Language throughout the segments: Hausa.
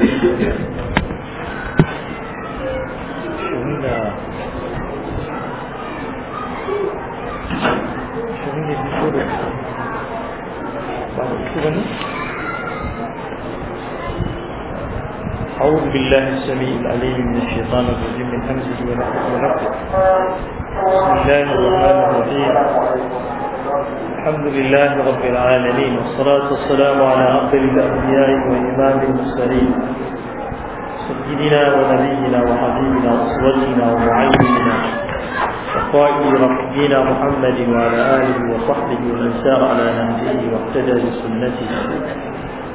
أعوذ بالله السميع العليم من الشيطان الرجيم من همزه ونفسه بسم الله الرحمن الرحيم الحمد لله رب العالمين والصلاة والسلام على أفضل الأنبياء وإمام المرسلين سيدنا ونبينا وحبيبنا وأسوتنا ومعلمنا وقائد ربنا محمد وعلى آله وصحبه ومن سار على نهجه واهتدى بسنته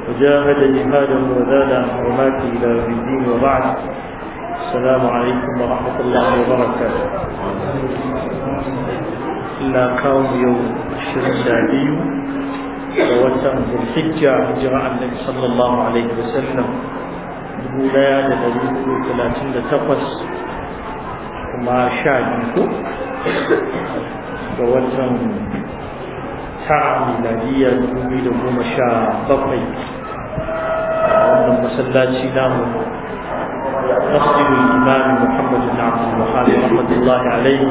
وجاهد جهادا وزاد حرماته إلى يوم الدين وبعد السلام عليكم ورحمة الله وبركاته. إلا قوم يوم الشرشادي روته في الحجة هجرة النبي صلى الله عليه وسلم بولا لدريك ثلاثين لتقص وما شاهدك روته تعمل لدي المميل ومشا بقي ومسلا سلام مسجد الإمام محمد بن عبد الوهاب رحمة الله عليه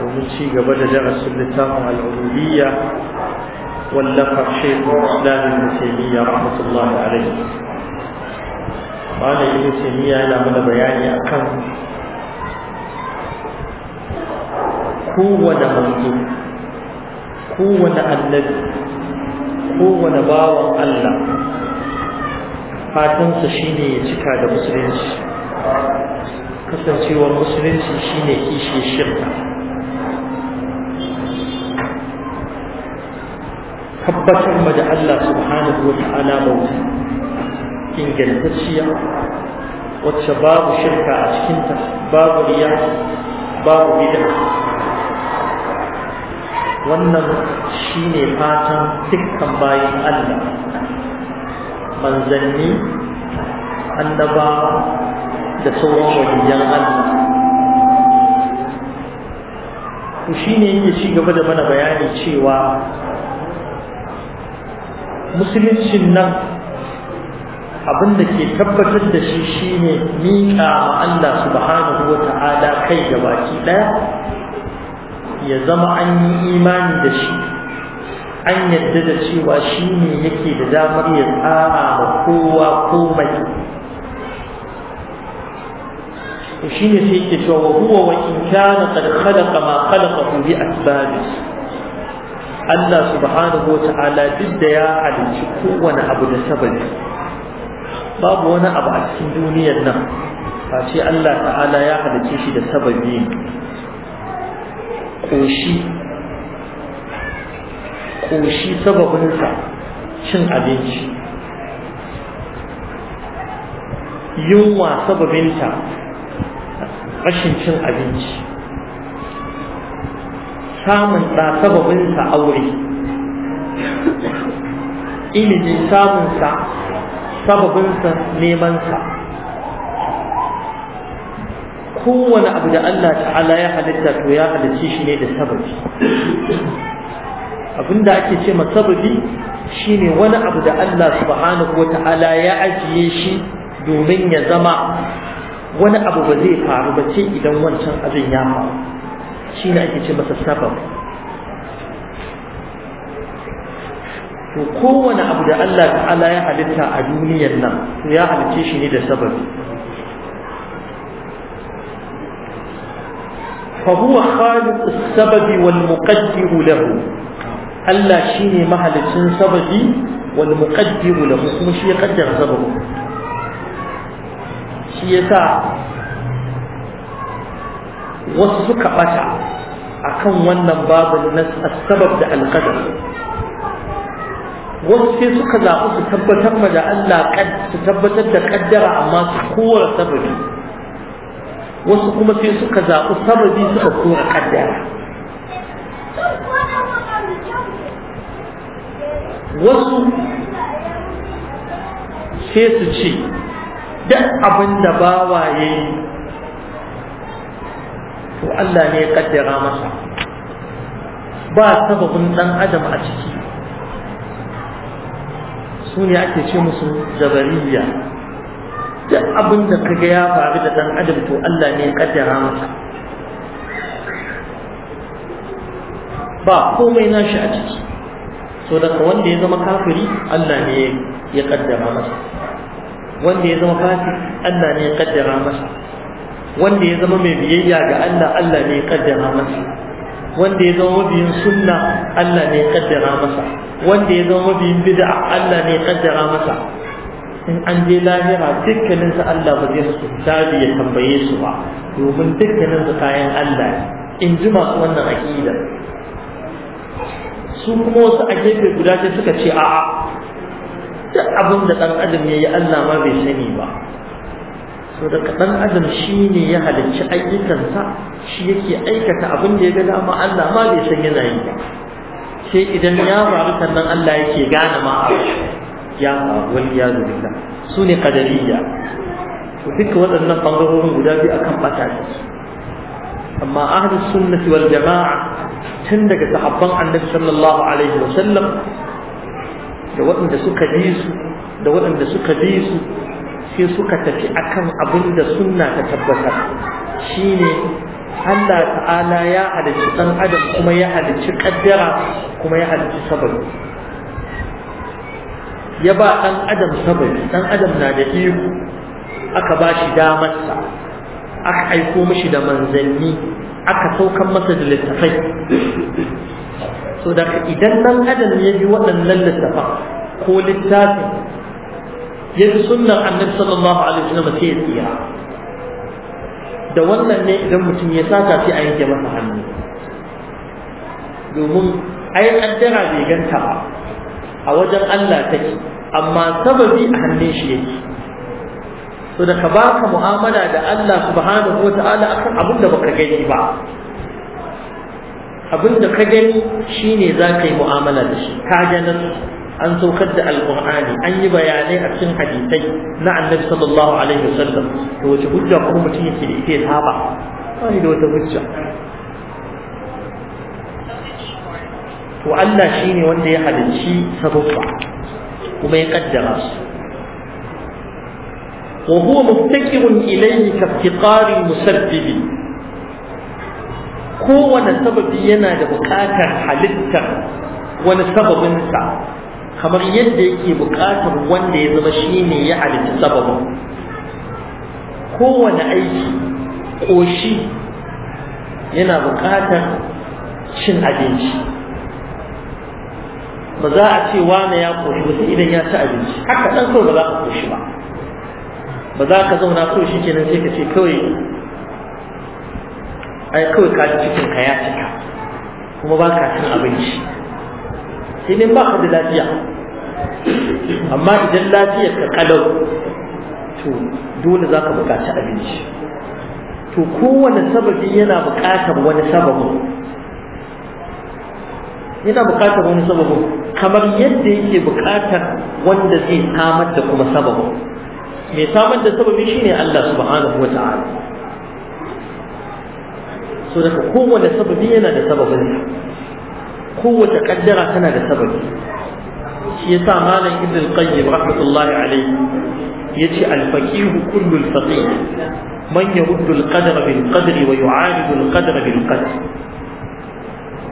domin ci gaba da darasin littafin al'ubudiyya wallafar shekul islamin musulmiya rahmatullahi alaihi malamin musulmiya yana mana bayani akan kowane manzo kowane annabi kowane bawan Allah fatansa shine ya cika da musulunci kasancewar musulunci shine kishi shirka tabbatar ma da Allah subhanahu wa ta'ala bauta ingantacciya wacce babu shirka a cikinta babu riya babu bid'a wannan shine fatan dukkan bayan Allah manzanni annaba da sauran waliyan Allah shi ne yake ci gaba da mana bayani cewa musuluncin nan abin da ke tabbatar da shi shine miƙa ma Allah subhanahu wa ta'ala kai ga baki ɗaya ya zama an yi imani da shi an yadda da cewa shi ne yake da damar ya tsara ma kowa komai shi ne sai ke cewa huwa wa in kana qad khalaqa ma khalaqahu bi asbabihi Allah subhanahu wata'ala duk da ya halicci kowane abu da sabari babu wani abu a cikin duniyar nan face Allah ta'ala ya halicce shi da sababi koshi koshi sababinsa cin abinci yunwa sababinta rashin cin abinci samun ɗa sababinsa aure sa samunsa sababinsa nemansa kowane abu da Allah ta'ala ya halitta to ya halicci shi ne da sababi abinda ake ce ma sababi shine wani abu da Allah subhanahu wa ta'ala ya ajiye shi domin ya zama wani abu ba zai faru ba ce idan wancan abin ya faru shi ne ake ce masa sabab to kowane abu da Allah ta'ala ya halitta a duniyar nan to ya halice shi ne da sababi فهو خالق السبب والمقدر له الله شيني مهلكين سببي والمقدر له مش يقدر سببه shi yasa wasu suka bata kan wannan babin na sabab da alƙadar wasu sai suka zaɓi su tabbatar ma da Allah su tabbatar da ƙaddara amma su kora sababi wasu kuma sai suka zaɓi sababi suka kora ƙaddara wasu sai su ce duk abin da bawaye to Allah ne ya kaddara masa ba sababin dan adam a ciki su ne ake ce musu jabariya duk abin da kaga ya faru da dan adam to Allah ne ya kaddara masa ba komai nashi a ciki so daga wanda ya zama kafiri Allah ne ya kaddara masa wanda ya zama kafiri Allah ne ya kaddara masa wanda ya zama mai biyayya ga Allah Allah ne ya kaddara masa wanda ya zama mabiyin sunna Allah ne ya kaddara masa wanda ya zama mabiyin bid'a Allah ne ya kaddara masa in an je lahira dukkanin su Allah ba zai su tabi ya tambaye su ba domin dukkanin su kayan Allah in ji masu wannan aqida su kuma wasu a gefe guda sai suka ce a'a duk abin da dan adam yayi Allah ma bai sani ba so da kaɗan adam shi ne ya halicci ayyukansa shi yake aikata abin da ya ga dama Allah ma bai san yana yi ba sai idan ya faru sannan Allah yake gane ma a ya faru wani ya zo da su ne kadariya to duka waɗannan ɓangarorin guda biyu akan ɓata amma ahli sunnati wal jama'a tun daga sahabban annabi sallallahu alaihi wa sallam da waɗanda suka bi su da waɗanda suka bi su sai suka tafi akan abin da sunna ta tabbatar shine Allah ta'ala ya halicci ɗan adam kuma ya halicci kaddara, kuma ya halicci sababi ya ba ɗan adam sababi ɗan adam na da iko aka ba shi damarsa aka aiko mishi da manzanni aka saukan masa da littafai so da idan ɗan adam ya bi waɗannan littafan ko littafin ya bi sunnar annabi sallallahu alaihi wasallam sai ya tsira da wannan ne idan mutum ya sata sai a yanke masa hannu domin ai kaddara bai ganta ba a wajen Allah take amma sababi a hannun shi yake to da ka baka mu'amala da Allah subhanahu wata'ala akan abin da baka gani ba abin da ka gani shine za ka yi mu'amala da shi ka ganin an saukar da alqur'ani an yi bayanai a cikin hadisai na annabi sallallahu alaihi wasallam to wace hujja kuma mutum yake da ita ya saba ba da wata hujja to Allah shine wanda ya halicci sababba kuma ya kaddara su وهو مفتقر إليه كافتقار المسبب kowane sababi yana da buƙatar halittar wani sababinsa kamar yadda yake buƙatar wanda ya zama shi ne ya halitta sababin kowane aiki ƙoshi yana buƙatar cin abinci ba za a ce wane ya ƙoshi ba sai idan ya ci abinci haka ɗan kawai ba za ka ƙoshi ba ba za ka zauna kawai shi kenan sai ka ce kawai ai kawai ka cikin ka ya cika kuma ba ka cin abinci sai dai ba ka da lafiya amma idan lafiyar ka kalau to dole za ka buƙaci abinci to kowane sababi yana buƙatar wani sababu, yana buƙatar wani sababu kamar yadda yake buƙatar wanda zai samar da kuma sababu, mai samar da sababi shine Allah subhanahu wa so daga kowane sababi yana da sababin kowace kaddara tana da sababi shi yasa malam ibn qayyim rahmatullahi alayhi yace al-faqih kullu al-faqih man yurdu al-qadar bil qadr wa yu'aridu al-qadar bil qadr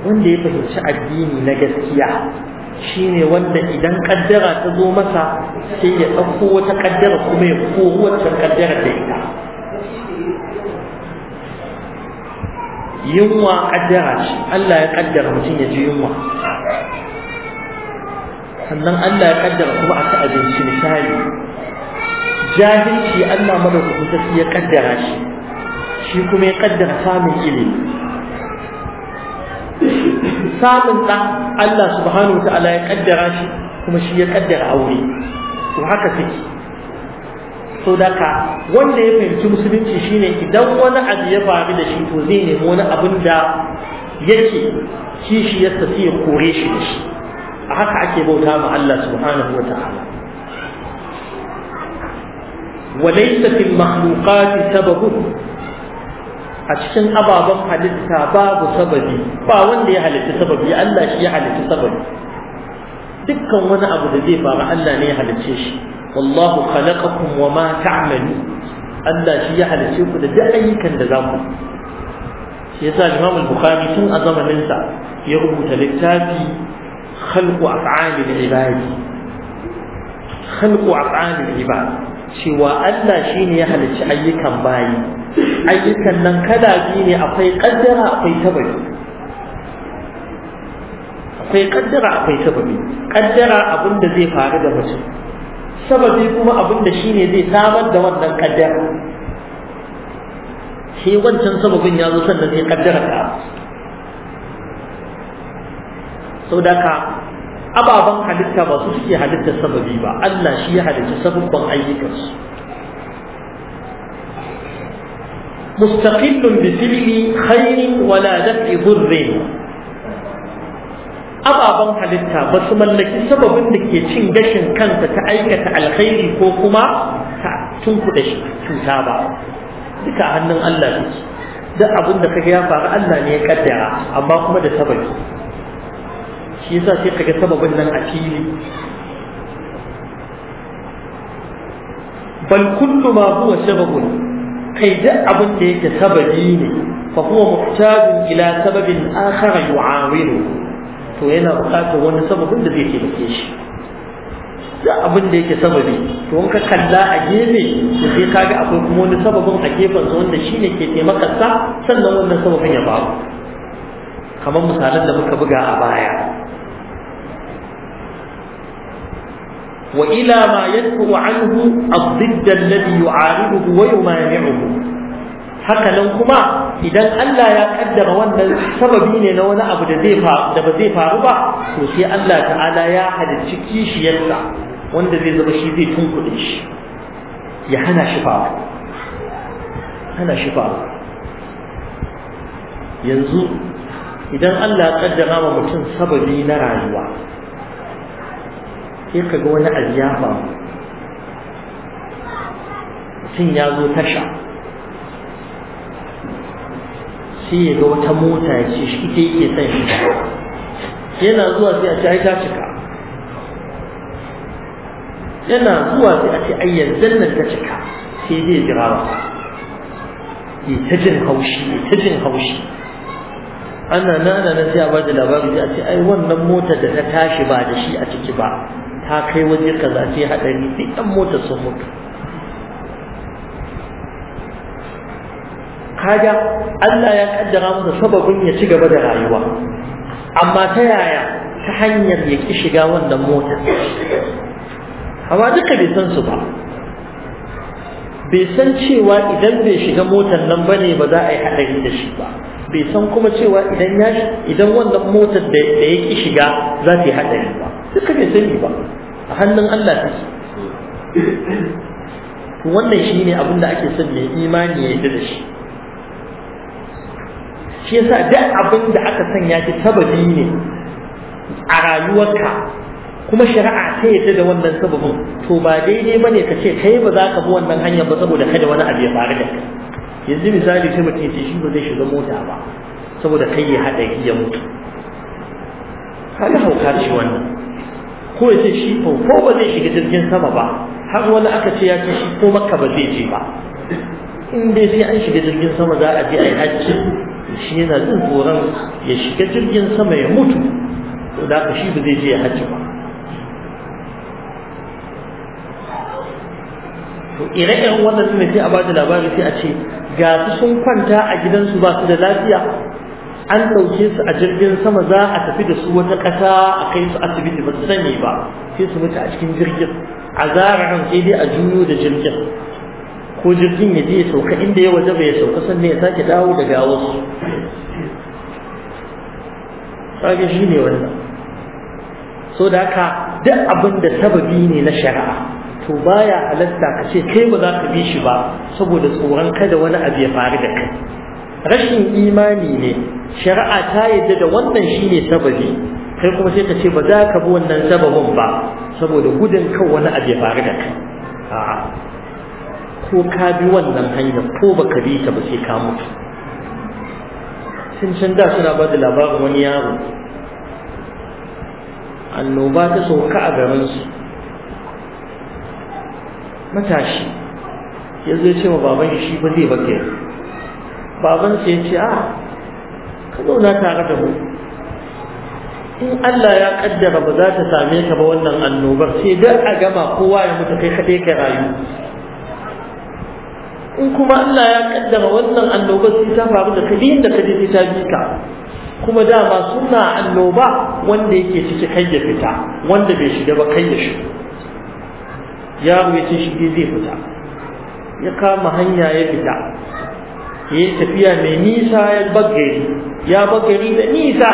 wanda ya fahimci addini na gaskiya shine wanda idan kaddara ta zo masa sai ya ɗauko wata kaddara kuma ya koro wata kaddara da yunwa kaddara ce Allah ya kaddara mutum ya ji yunwa sannan Allah ya kaddara kuma a ci abinci misali jahilci Allah madaukakin sarki ya kaddara shi shi kuma ya kaddara samun ilimi samun ɗan Allah subhanahu wa ta'ala ya kaddara shi kuma shi ya kaddara aure to haka take so wanda ya fahimci musulunci shine idan wani abu ya faru da shi to zai nemi wani abin da yake kishi ya tafi ya kore shi da shi a haka ake bauta ma Allah subhanahu wa ta'ala وليس في المخلوقات سبب a cikin ababen halitta babu sababi ba wanda ya halitta sababi Allah shi ya halitta sababi dukkan wani abu da zai faru Allah ne ya halicce shi wallahu khalaqakum wa ma ta'malun Allah shi ya halice ku da duk ayyukan da za ku shi yasa Imam al-Bukhari tun a zamanin sa ya rubuta littafi khalqu af'ali al-ibad khalqu af'ali al-ibad cewa Allah shine ya halice ayyukan bayi ayyukan nan kada biyu ne akwai kaddara akwai sababi akwai kaddara akwai sababi kaddara abin da zai faru da mutum sababi kuma abin da shine zai samar da wannan kaddara shi wancan sababin ya zo sannan sai kaddara ta sau da ka halitta ba su suke halitta sababi ba Allah shi ya halitta sababban ayyukansu mustaqillun bi silmi khairin wala dafi dhurrin ababen halitta ba su mallaki sababin da ke cin gashin kansa ta aikata alkhairi ko kuma ta tunkuɗa cuta ba duka hannun Allah ne duk abin da kaga ya faru Allah ne ya kaddara amma kuma da sababi shi yasa sai kaga sababin nan a fili bal kullu ma huwa sababun kai duk abin da yake sababi ne fa huwa muhtajun ila sababin akhar yu'awinuhu to yana buƙatar wani sababin da zai taimake shi da abin da yake sababi to in ka kalla a gefe sai ka ga akwai kuma wani sababin a gefen sa wanda shine ke taimakarsa sannan wannan sababin ya babu kamar misalan da muka buga a baya wa ila ma yadfu anhu ad alladhi yu'aribuhu wa yumani'uhu haka nan kuma idan Allah ya kaddara wannan sababi ne na wani abu da zai faru da ba zai faru ba to sai Allah ta'ala ya halicci kishiyarsa wanda zai zama shi zai tunkuɗe shi ya hana shi faru hana shi faru yanzu idan Allah ya kaddara wa mutum sababi na rayuwa sai ka ga wani abu ya faru mutum ya zo tasha sai ya ga wata mota ya ce shi ita yake sai shi yana zuwa sai a ce ai ta cika yana zuwa sai a ce ai yanzu nan ta cika sai zai jira ba ya ta jin haushi ya ta jin haushi ana nana na sai a da labarin sai a ce ai wannan mota da ta tashi ba da shi a ciki ba ta kai waje kaza sai haɗari sai dan motar sun mutu haja Allah ya kaddara masa sababin ya ci gaba da rayuwa amma ta yaya ta hanyar ya ki shiga wannan motar amma duka bai san su ba bai san cewa idan bai shiga motar nan ba ne ba za a yi haɗari da shi ba bai san kuma cewa idan ya idan wannan motar da ya ki shiga za ta yi haɗari ba duka bai sani ba a hannun Allah take wannan shine abin da ake son mai imani ya yi da shi shi yasa duk abin da aka sanya shi sababi ne a rayuwarka kuma shari'a ta yadda da wannan sababin to ba daidai ba ne ka ce kai ba za ka bi wannan hanyar ba saboda kada wani abu ya faru da kai yanzu misali sai mutum ya ce shi ba zai shiga mota ba saboda kai ya haɗa ya mutu kaga hauka shi wannan ko ya ce shi ko ba zai shiga jirgin sama ba har wani aka ce ya ce shi ko makka ba zai je ba in dai sai an shiga jirgin sama za a je a yi hajji shi yana jin tsoron ya shiga jirgin sama ya mutu to da ka shi ba zai je hajji ba to ire ire wannan ne sai a bada labari sai a ce ga su sun kwanta a gidansu ba su da lafiya an ɗauke su a jirgin sama za a tafi da su wata ƙasa a kai su asibiti ba su sani ba sai su mutu a cikin jirgin a zara ran sai dai a juyo da jirgin ko jirgin ya je ya sauka inda ya waje bai sauka sannan ya sake dawo da gawarsu sage shi ne wannan so da haka duk abin da sababi ne na shari'a to baya halatta ka ce kai ba za ka bi shi ba saboda tsoron kada wani abu ya faru da kai rashin imani ne shari'a ta yadda da wannan shi ne sababi kai kuma sai ka ce ba za ka bi wannan sababin ba saboda gudun kan wani abu ya faru da kai ko ka bi wannan hanyar ko ba ka bi ta ba sai ka mutu sun can da suna ba da labarin wani yaro annoba ta sauka a garinsu matashi ya zai ce wa baban shi ba zai baka yi baban sai ya ce a ah, ka zauna tare da mu in Allah ya kaddara ba za ta same ka ba wannan annobar sai dai a gama kowa ya mutu kai kaɗai ka rayu in kuma Allah ya kaddara wannan annoba sai ta faru da kadin da kaje sai ta bi ka kuma dama suna annoba wanda yake ciki kai ya fita wanda bai shiga ba kai ya yaro ya ce shige zai fita ya kama hanya ya fita ya yi tafiya mai nisa ya bagari ya bagari da nisa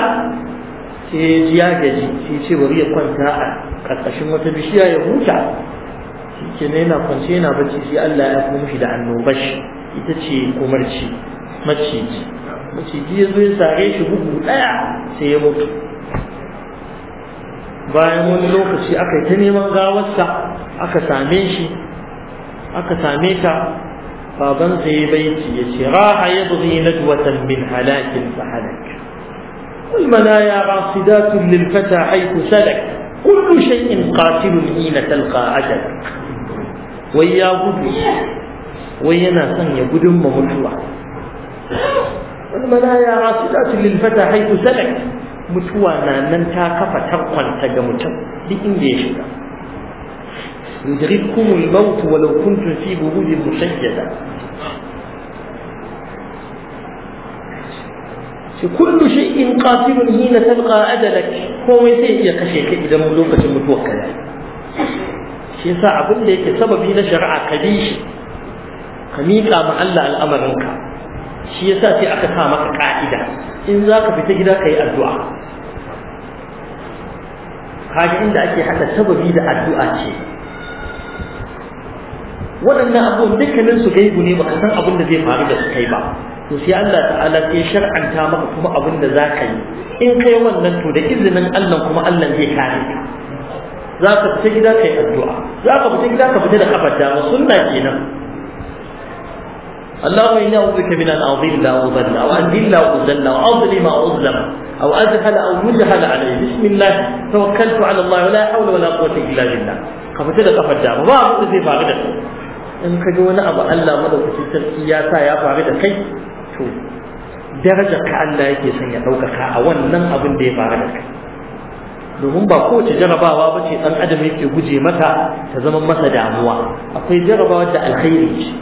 sai ya ji ya gaji sai ce bari ya kwanta a ƙarƙashin wata bishiya ya huta shi ke yana kwance yana bacci sai Allah ya kuma shi da annobashi ita ce kumarci maciji maciji ya zo ya sare shi bugu daya sai ya mutu bayan wani lokaci aka yi ta neman gawarsa aka same shi aka same ta baban sai ya baiti ya ce raha ya bugi nadwatan min halakin fa halak والمنايا راصدات للفتى حيث سلك kullu shayin qatilun حين talqa أجلك wai ya gudu wai yana son ya gudun ma mutuwa wani mana ya rasu da su lilfata haiku salak mutuwa na nan ta kafa takwanta ga mutum duk inda ya shiga يدرككم الموت ولو كنتم في بروج مشيدة كل شيء قاتل حين تلقى أجلك هو يسير يا إذا ملوكة متوكلة shi yasa abin da yake sababi na shari'a ka bi shi ka miƙa ma Allah al'amarinka shi yasa sai aka sa maka ka'ida in za ka fita gida ka yi addu'a kaji inda ake haɗa sababi da addu'a ce waɗannan abubuwan dukkanin su gaibu ne baka san abin da zai faru da su kai ba to sai Allah ta'ala sai shar'anta maka kuma abin da za ka yi in kai wannan to da izinin Allah kuma Allah zai kare ka za ka fita gida kai addu'a za ka fita gida ka fita da kafar dama sunna kenan اللهم إني أعوذ بك من أن أضل أو أضل أو أذل أو أذل أو أظلم أو أظلم أو أذهل أو يجهل علي بسم الله توكلت على الله ولا حول ولا قوة إلا بالله كفت لك فجأة ما أقول زي فاقدة إن كجونا أبا ألا مدو كتير يا يا فاقدة كي شو درجة كأن لا يكي سنة أو كأوان نم أبن دي فاقدة كي domin ba kowace jarabawa ba ce ɗan adam yake guje mata ta zama masa damuwa akwai jarabawa da alkhairi ce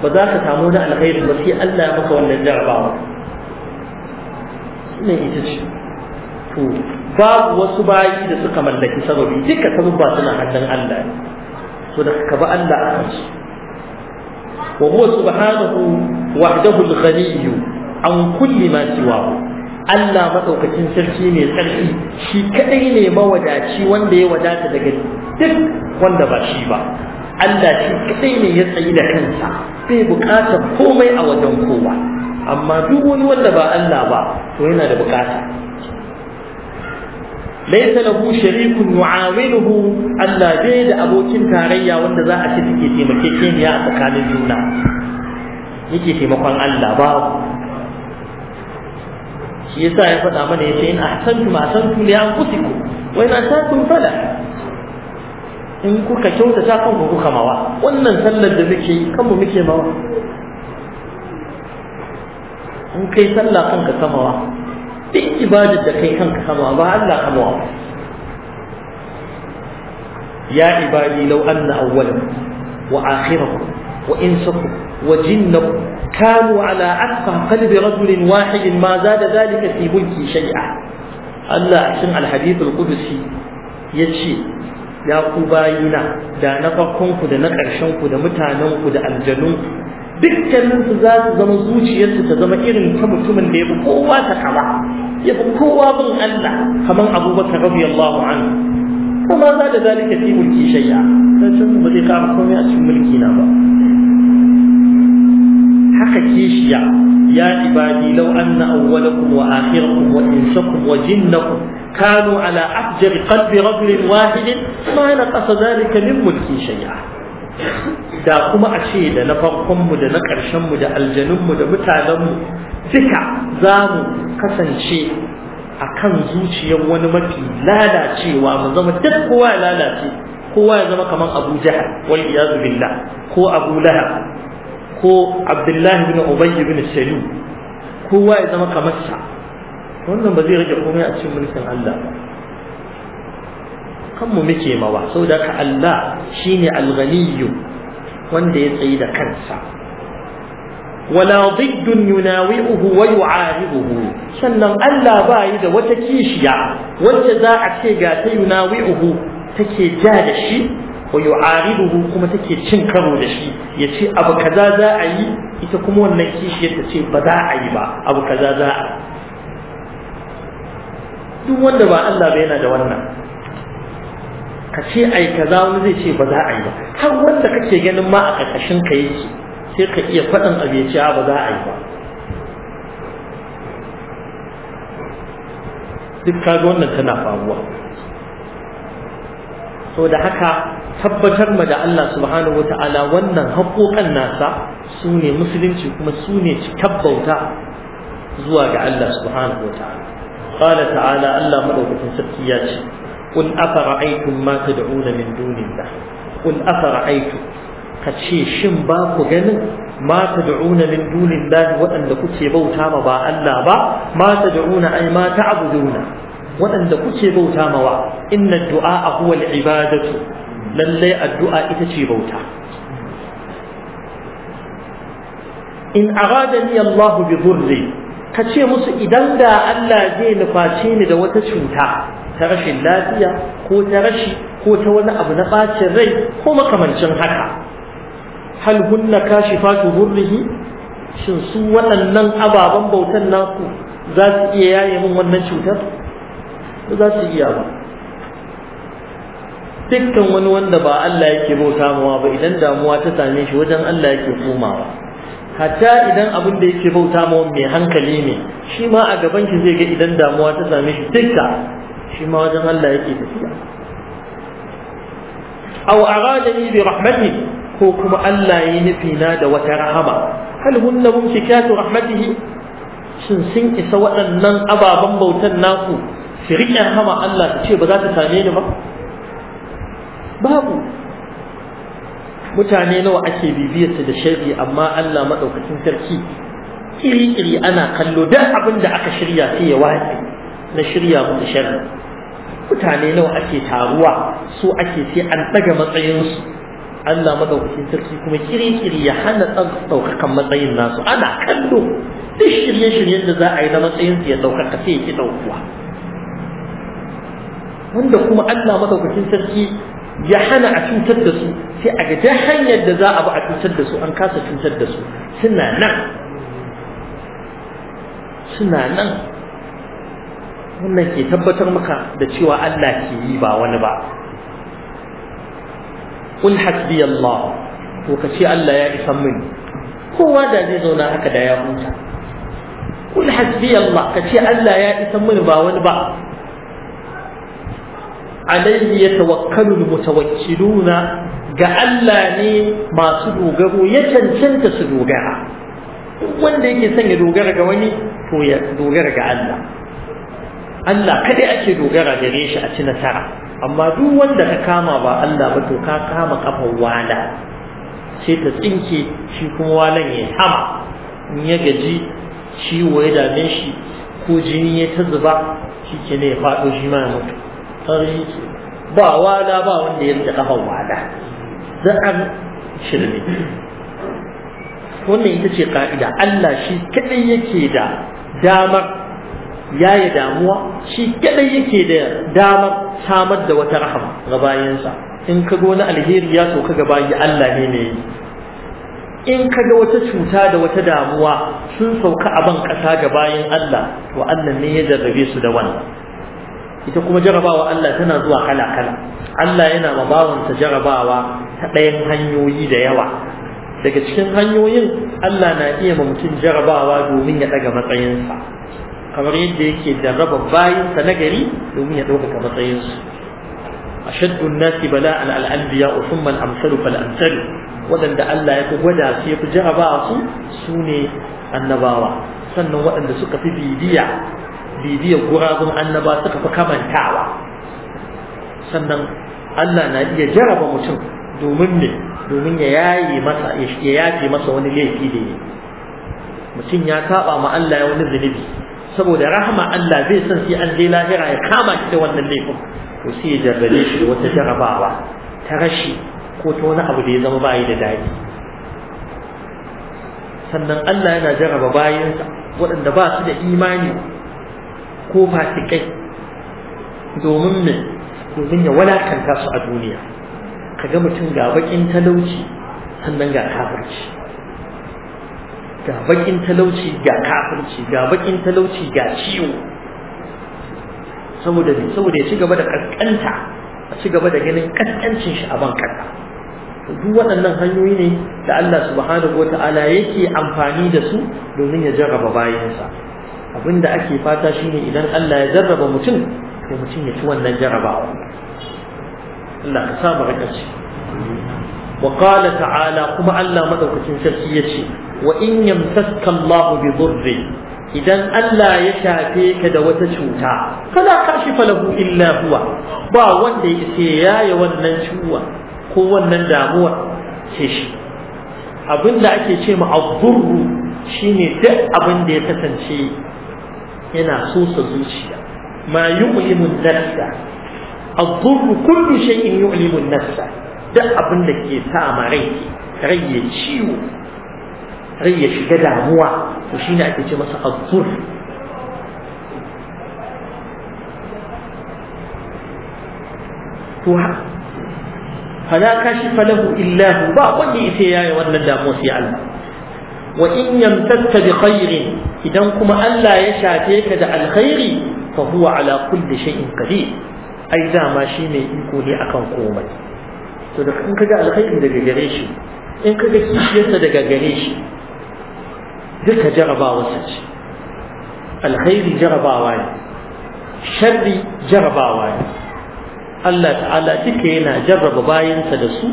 ba za ka samu na alkhairi ba sai Allah ya maka wannan jarabawa ne ita ce to babu wasu bayi da suka mallaki sababi duka ba suna hannun Allah ne so da ka ba Allah a su. wa huwa subhanahu wahdahu al-ghani an kulli ma siwahu Allah maɗaukakin sarki mai tsarki shi kaɗai ne mawadaci wanda ya wadata daga duk wanda ba shi ba Allah shi kaɗai ne ya tsayi da kansa bai buƙatar komai a wajen kowa amma duk wani wanda ba Allah ba to yana da bukata laysa lahu sharikun yu'awinuhu Allah bai da abokin tarayya wanda za a ce take taimakekeniya a tsakanin juna yake taimakon Allah babu shi yasa ya faɗa mana yace in ahsantum ahsantum li anfusikum wa in asatum fala in kuka kyauta ta kanku kuka mawa wannan sallar da muke kanmu muke mawa in kai sallah kanka samawa duk ibadar da kai kanka samawa ba Allah kamawa ya ibadi law anna awwalakum wa akhirakum wa insakum وجنه كانوا على أفقه قلب رجل واحد ما زاد ذلك في ملكي شيئا الله أحسن الحديث القدسي يتشي يا قباينا دا نفقكم da نقرشنكم دا متعنونكم دا الجنونكم dukkaninsu za su zama zuciyarsu ta zama irin ta mutumin da ya fi kowa ta kama ya fi kowa bin Allah kamar abubakar radiyallahu anhu kuma za da zalika fi mulki shayya sai ba zai komai a cikin mulki na ba haka kishiya ya ibadi lau anna awwalakum wa akhirakum wa insakum wa jinnakum kanu ala afjari qalbi rajulin wahidin ma naqasa dhalika min mulki shay'a da kuma a ce da na farkonmu da na ƙarshenmu da aljanunmu da mutanenmu duka za mu kasance a kan zuciyar wani mafi lalacewa mu zama duk kowa ya lalace kowa ya zama kamar abu jahal wal iyazu billah ko abu lahab ko abdullahi bin ubayy bin salu kowa ya zama kamar sa wannan ba zai rage komai a cikin mulkin Allah ba kanmu muke mawa saboda ka Allah shine al-ghaniyyu wanda ya tsayi da kansa wala diddun yunawi'uhu wa yu'aribuhu sannan Allah ba yi da wata kishiya wacce za a ce ga ta yunawi'uhu take ja da shi wa yu'ariduhu kuma take cin karo da shi ya ce abu kaza za a yi ita kuma wannan kishiyar ta ce ba za a yi ba abu kaza za a duk wanda ba Allah ba yana da wannan kace ce ai kaza wani zai ce ba za a yi ba har wanda kake ganin ma a ƙarƙashin ka yake sai ka iya faɗin abu ya ce ba za a yi ba duk kaga wannan tana faruwa to da haka tabbatar ma da Allah subhanahu wa wata'ala wannan haƙoƙan nasa su ne musulunci kuma su ne cikar bauta zuwa ga Allah subhanahu wa wata'ala qala ta'ala Allah madaukakin sarki ya ce afa afara'aytum ma tad'una min dunin da, dunillah afa afara'aytum ka ce shin ba ku ganin ma tad'una min dunin dunillah waɗanda kuke bauta ma ba Allah ba ma tad'una ay ma ta'buduna waɗanda kuke bauta ma wa inna du'a huwa al-ibadatu lallai addu'a ita ce bauta in aradani Allah bi dhurri ka ce musu idan da Allah zai nufaci ni da wata cuta ta rashin lafiya ko ta rashi ko ta wani abu na ɓacin rai ko makamancin haka hal hunna fatu dhurrihi shin su waɗannan ababen bautan naku za su iya yaye min wannan cutar za su iya ba dukkan wani wanda ba Allah yake bauta mawa ba idan damuwa ta same shi wajen Allah yake komawa hatta idan abin da yake bauta mawa mai hankali ne shi ma a gaban shi zai ga idan damuwa ta same shi dukka shi ma wajen Allah yake tafiya aw aradani bi rahmatihi ko kuma Allah ya nufi na da wata rahama hal hunna mumsikatu rahmatihi shin sun isa waɗannan ababen bautan naku su riƙe rahama Allah ta ce ba za ta same ni ba babu mutane nawa ake bibiyarsu da shari'i amma Allah maɗaukacin sarki kiri-kiri ana kallo don abin da aka shirya sai ya watsi na shirya mutu shari'i mutane nawa ake taruwa su ake sai an ɗaga matsayinsu Allah maɗaukacin sarki kuma kiri-kiri ya hana ɗaukakan matsayin nasu ana kallo duk shirye-shiryen da za a yi na matsayinsu ya ɗaukaka sai ya ki ɗaukuwa wanda kuma Allah maɗaukacin sarki ya hana a cutar da su sai a ga hanyar da za a bi a cutar da su an kasa cutar da su suna nan suna nan wannan ke tabbatar maka da cewa Allah ke yi ba wani ba kun hasbi Allah ko ka ce Allah ya isa min kowa da zai zauna haka da ya huta kun hasbi Allah ka ce Allah ya isa min ba wani ba alaihi yatawakkalu mutawakkiluna ga Allah ne masu dogaro ya cancanta su dogara wanda yake son ya dogara ga wani to ya dogara ga Allah Allah kadai ake dogara gare shi a ci nasara amma duk wanda ka kama ba Allah ba to ka kama kafar wala sai ta tsinke shi kuma walan ya hama in ya gaji ciwo ya dame shi ko jini ya ta zuba shi ke ne ya faɗo shi ma ya mutu fari ba wala ba wanda ya rike kafan wala da an shirme wannan ita ce ka'ida Allah shi kadai yake da damar yi damuwa shi kadai yake da damar samar da wata rahama ga bayansa in ka ga wani alheri ya sauka ga bayi Allah ne ne in ka ga wata cuta da wata damuwa sun sauka a ban kasa ga bayin Allah to Allah ne ya jarrabe su da wannan ita kuma jarabawa Allah tana zuwa kala-kala Allah yana ma bawansa jarabawa ta ɗayan hanyoyi da yawa daga cikin hanyoyin Allah na iya ma mutum jarabawa domin ya ɗaga matsayinsa kamar yadda yake raba bayinsa na gari domin ya ɗaukaka matsayinsu أشد الناس بلاء الأنبياء ثم الأمثل فالأمثل ودن الله يكو ودا سيف جربا سوني النباوة sannan waɗanda suka fi bibiya bibiyar gurabun annaba suka fi kamantawa sannan Allah na iya jaraba mutum domin ne domin ya yaye masa ya yafe masa wani laifi da yi mutum ya saba ma Allah ya wani zunubi saboda rahama Allah zai san sai an je lahira ya kama shi da wannan laifin to sai ya jarrabe shi da wata jarabawa ta rashi ko ta wani abu da ya zama bayi da dadi. sannan Allah yana jaraba bayansa waɗanda ba su da imani ko fasikai domin me domin ya walakanta su a duniya kaga mutum ga bakin talauci sannan ga kafirci ga bakin talauci ga kafirci ga bakin talauci ga ciwo saboda ne saboda ya ci gaba da kaskanta a ci gaba da ganin kaskancin shi a ban duk waɗannan hanyoyi ne da Allah subhanahu wa ta'ala yake amfani da su domin ya jarraba bayansa abinda ake fata shine idan Allah ya jarraba mutum to mutum ya ci wannan jarrabawa Allah ka saba rika ci wa qala ta'ala kuma Allah madaukakin sarki yace wa in yamtaska Allah bi dhurri idan Allah ya shafe ka da wata cuta ka kashifa lahu illa huwa ba wanda ya ce yaya wannan ciwa ko wannan damuwa ce shi abinda ake ce ma azzurru shine duk abin da ya kasance yana sosa zuciya ma yu'limu nafsa ad-dhurr kullu shay'in yu'limu nafsa duk abin da ke sa rai rai ya ciwo rai ya shiga damuwa to shine ake ce masa ad-dhurr to fala kashi falahu illahu ba wanda yake yayi wannan damuwar sai Allah wa in yamtatta bi khairin idan kuma Allah ya shafe ka da alkhairi fa huwa ala kulli shay'in qadir ai dama shi mai iko ne akan komai to da in kaga alkhairi daga gare shi in kaga kishiyarsa daga gare shi duka jarabawa ce alkhairi jarabawa ne sharri jarabawa ne Allah ta'ala duka yana jarraba bayansa da su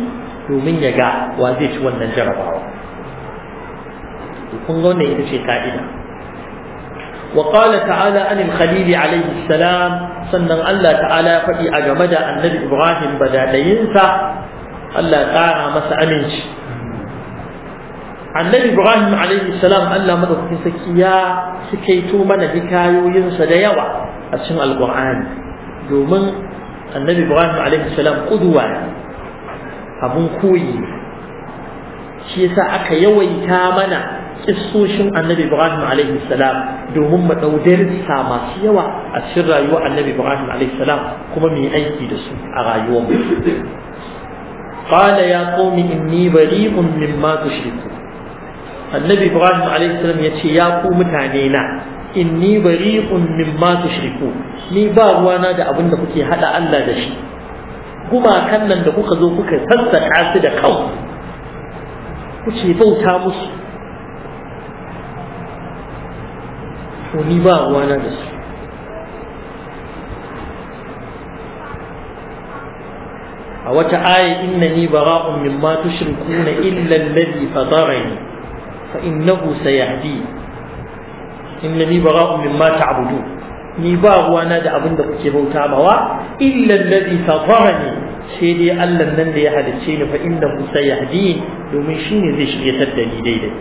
domin ya ga wa zai ci wannan jarabawa kun ga ita ce ka'ida wa qala ta'ala an al alayhi salam sannan Allah ta'ala faɗi a game da annabi Ibrahim badadayinsa Allah ƙara masa aminci annabi Ibrahim alayhi salam Allah madaukakin sarki ya sikaito mana hikayoyinsa da yawa a cikin alqur'ani domin annabi Ibrahim alayhi salam kuduwa abun koyi shi yasa aka yawaita mana kissoshin annabi ibrahim alaihi salam domin mu sa masu yawa a cikin rayuwar annabi ibrahim alaihi salam kuma mu yi aiki da su a rayuwar mu qala ya qaumi inni bari'un mimma tushriku annabi ibrahim alaihi salam yace ya ku mutane na inni bari'un mimma tushriku ni ba ruwana da abin da kuke hada Allah da shi gumakan nan da kuka zo kuka sassaka su da kau kuce bauta musu to ni ba ruwana da su a wata aya innani bara'un mimma tushrikuna illa alladhi fatarani fa innahu sayahdi innani bara'un mimma ta'budu ni ba ruwana da abin da kuke bauta bawa illa alladhi fatarani sai dai Allah nan da ya halicce ni fa innahu sayahdi domin shine zai shirye da ni daidai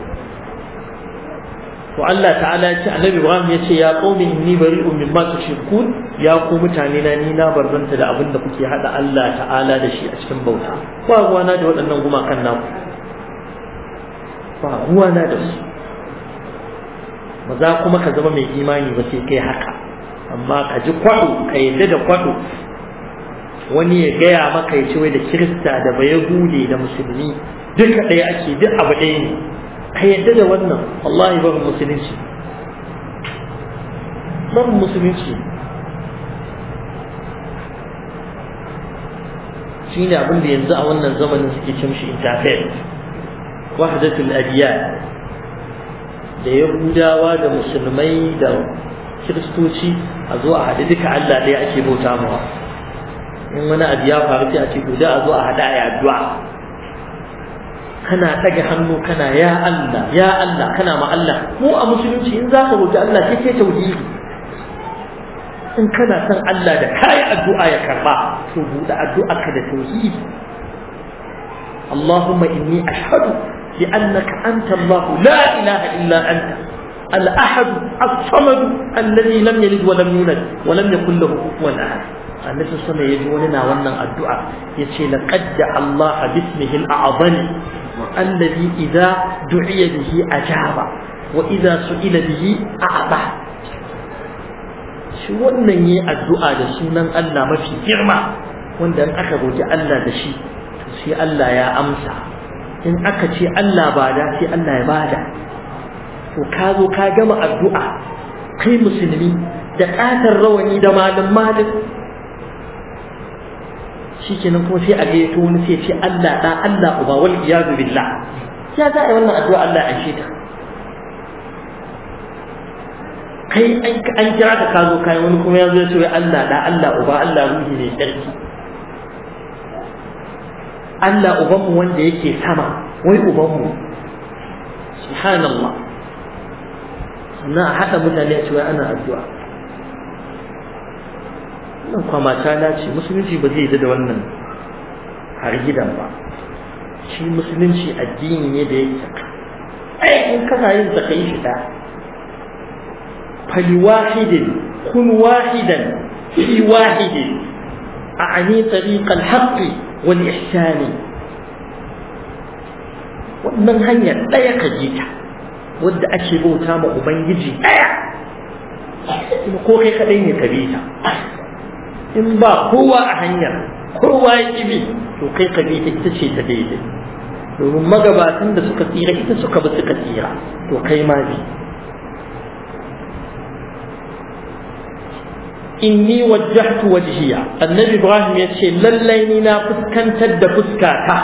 to Allah ta'ala ya ce annabi Ibrahim ya ce ya qaumi inni bari'un mimma tushrikun ya ku mutane na ni na barzanta da abin da kuke hada Allah ta'ala da shi a cikin bauta ba ruwana da waɗannan gumakan naku ba ruwana da su ba za kuma ka zama mai imani ba sai kai haka amma ka ji kwaɗo ka yadda da kwaɗo wani ya gaya maka ya ce wai da kirista da bayahude da musulmi duka ɗaya ake duk abu ɗaya ne ka yadda da wannan wallahi babu musulunci babu musulunci shi ne abin da yanzu a wannan zamanin suke cin shi interfaith wahdatul adiyan da yahudawa da musulmai da kiristoci a zo a haɗe duka Allah ɗaya ake bauta mawa in wani abu ya faru sai a ce guda a zo a haɗa a yaduwa kana ɗaga hannu kana ya kana ma Allah mu a musulunci in zaka ka Allah sai ke tauhidi in kana son Allah da kayi addu'a ya karba to buɗe addu'arka da tauhidi اللهم إني أشهد بأنك أنت الله لا إله إلا أنت الأحد الصمد الذي لم يلد ولم يولد ولم يكن له كفوا ya ji wani na wannan addu'a ya ce laqad da Allah bismihi al-a'zam الذي إذا دعي به أجاب وإذا سئل به أعطى shi wannan yi addu'a da sunan Allah mafi girma wanda in aka roƙi Allah da shi to sai Allah ya amsa in aka ce Allah bada sai Allah ya bada to ka zo ka gama addu'a kai musulmi da ƙatar rawani da malam malam Shi kenan kuma sai a gayyato wani sai ce Allah da Allah uba wal iyadu billah ya za a yi wannan addu'a Allah ya anshe ta kai an kira ka ka zo kai wani kuma ya zo ya ce Allah da Allah uba Allah ruhi ne sarki Allah ubanmu wanda yake sama wai ubanmu subhanallah a haɗa mutane cewa ana addu'a nan kwamata na ce musulunci ba zai yi da wannan hargidan ba shi musulunci addini ne da yake ai in kana yin sa kai shi da fali wahidin kun wahidan fi wahidin a'ani tariq al-haqq wal ihsani wannan hanya daya kaje ta wadda ake bauta ma ubangiji daya ko kai kadai ne ka bi ta in ba kowa a hanyar kowa ya ƙibi to kai ka ita ce ta daidai domin magabatan da suka tsira ita suka bi suka tsira to kai ma bi inni wajjahtu wajhiya annabi ibrahim ya ce lallai ni na fuskantar da fuskata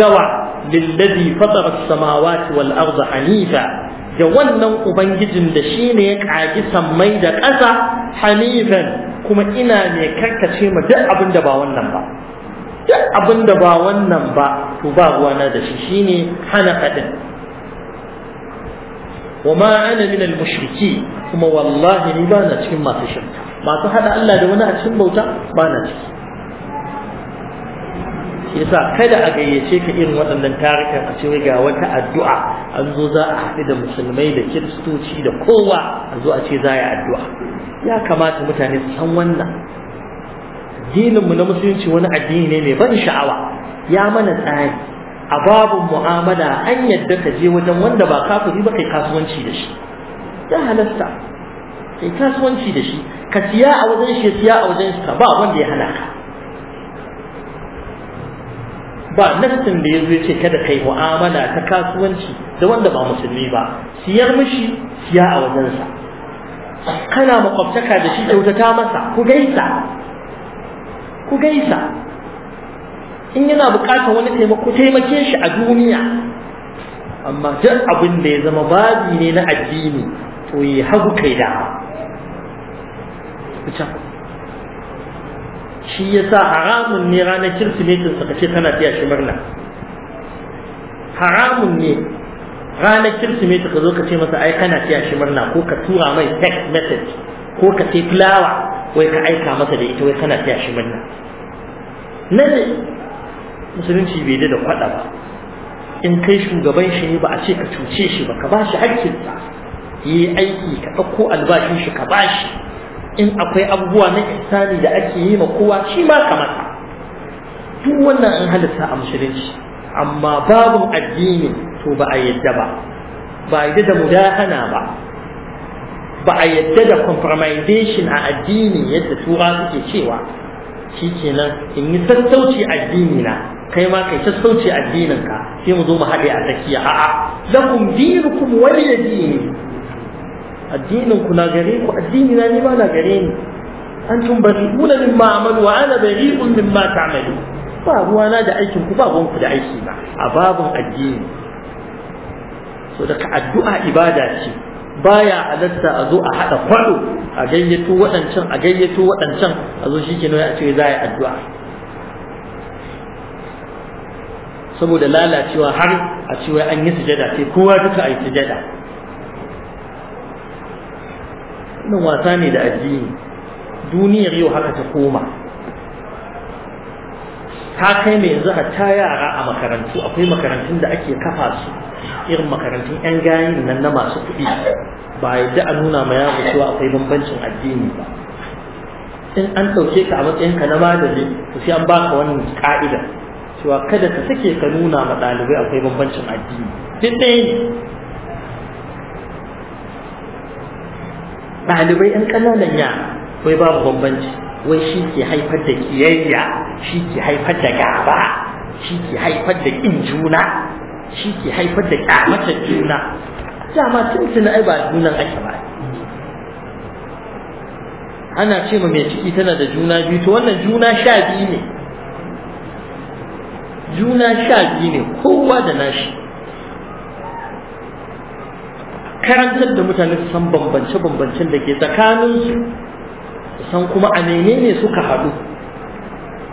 gawa lillazi fatara as-samawati wal arda hanifa da wannan ubangijin da shine ya kaji sammai da ƙasa hanifan kuma ina mai karkace ma duk abin da ba wannan ba duk abin da ba wannan ba to ba ruwa na da shi shine hana kadin wa ma ana min al mushriki kuma wallahi ni ba na cikin masu shirka masu hada Allah da wani a cikin bauta ba na ciki yasa kada a gayyace ka irin waɗannan tarika a ce ga wata addu'a an zo za a haɗu da musulmai da kiristoci da kowa a zo a ce za a yi addu'a ya kamata mutane su san wannan Dininmu na musulunci wani addini ne mai ban sha'awa ya mana tsari a babin mu'amala an yadda ka je wajen wanda ba kafiri ba kai kasuwanci da shi ya halasta kai kasuwanci da shi ka siya a wajen shi siya a wajen shi ka ba wanda ya hana ka ba nassin da ya zo ce kada kai mu'amala ta kasuwanci da wanda ba musulmi ba siyar mishi siya a wajensa kana makwabtaka da shi kyautata masa ku gaisa ku gaisa in yana bukatar wani taimako taimake shi a duniya amma duk abin da ya zama babi ne na addini to yi hagu kai da shi ya sa haramun ne ranar kirsimetin suka ce tana taya shi murna haramun ne ranar kirsimeti ka zo ka ce masa ai kana tiya shi murna ko ka tura mai text message ko ka ce fulawa wai ka aika masa da ita wai kana tiya shi murna na musulunci bai da kwada ba in kai shugaban shi ne ba a ce ka cuce shi ba ka ba shi haƙƙinsa yi aiki ka ɗauko albashin shi ka ba shi in akwai abubuwa na ihsani da ake yi ma kowa shi ma ka masa duk wannan an halitta a musulunci amma babu addini to ba a yadda ba ba a yadda da mudahana ba ba a yadda da compromisation a addini yadda tura suke cewa shi kenan in yi sassauci addini na kai ma kai sassauci addinin ka sai mu zo mu haɗe a tsakiya a'a lakum dinukum waliya dini addinin ku na gare ku addini na ni ma na gare ni antum bari'una mimma amalu wa ana bari'un mimma ta'malu ba ruwana da aikin ku ba ruwanku da aiki ba a babin addini so daga addu'a ibada ce baya halatta a zo a haɗa kwado a gayyato waɗancan a gayyato waɗancan a zo shi ke a ce za a yi addu'a saboda lalacewa har a ce wai an yi sujada sai kowa duka a yi sujada wannan wasa ne da addini duniyar yau haka ta koma ta kai mai yanzu ta yara a makarantu akwai makarantun da ake kafa su irin makarantun 'yan gayin nan na masu kuɗi ba yadda a nuna ma yaro cewa akwai bambancin addini ba in an ɗauke ka a matsayinka na malami to sai an baka wannan ka'ida cewa kada ka sake ka nuna ma ɗalibai akwai bambancin addini duk ɗaya ne ɗalibai 'yan ƙananan yara wai babu bambanci wai shi ke haifar da kiyayya shi ke haifar da gaba shi ke haifar da kin juna shi ke haifar da kyamatar juna dama tun tuna ai ba junan ake ba ana ce ma mai ciki tana da juna biyu to wannan juna sha biyu ne juna sha biyu ne kowa da nashi karantar da mutane su san bambance-bambancen da ke tsakaninsu san kuma a menene suka haɗu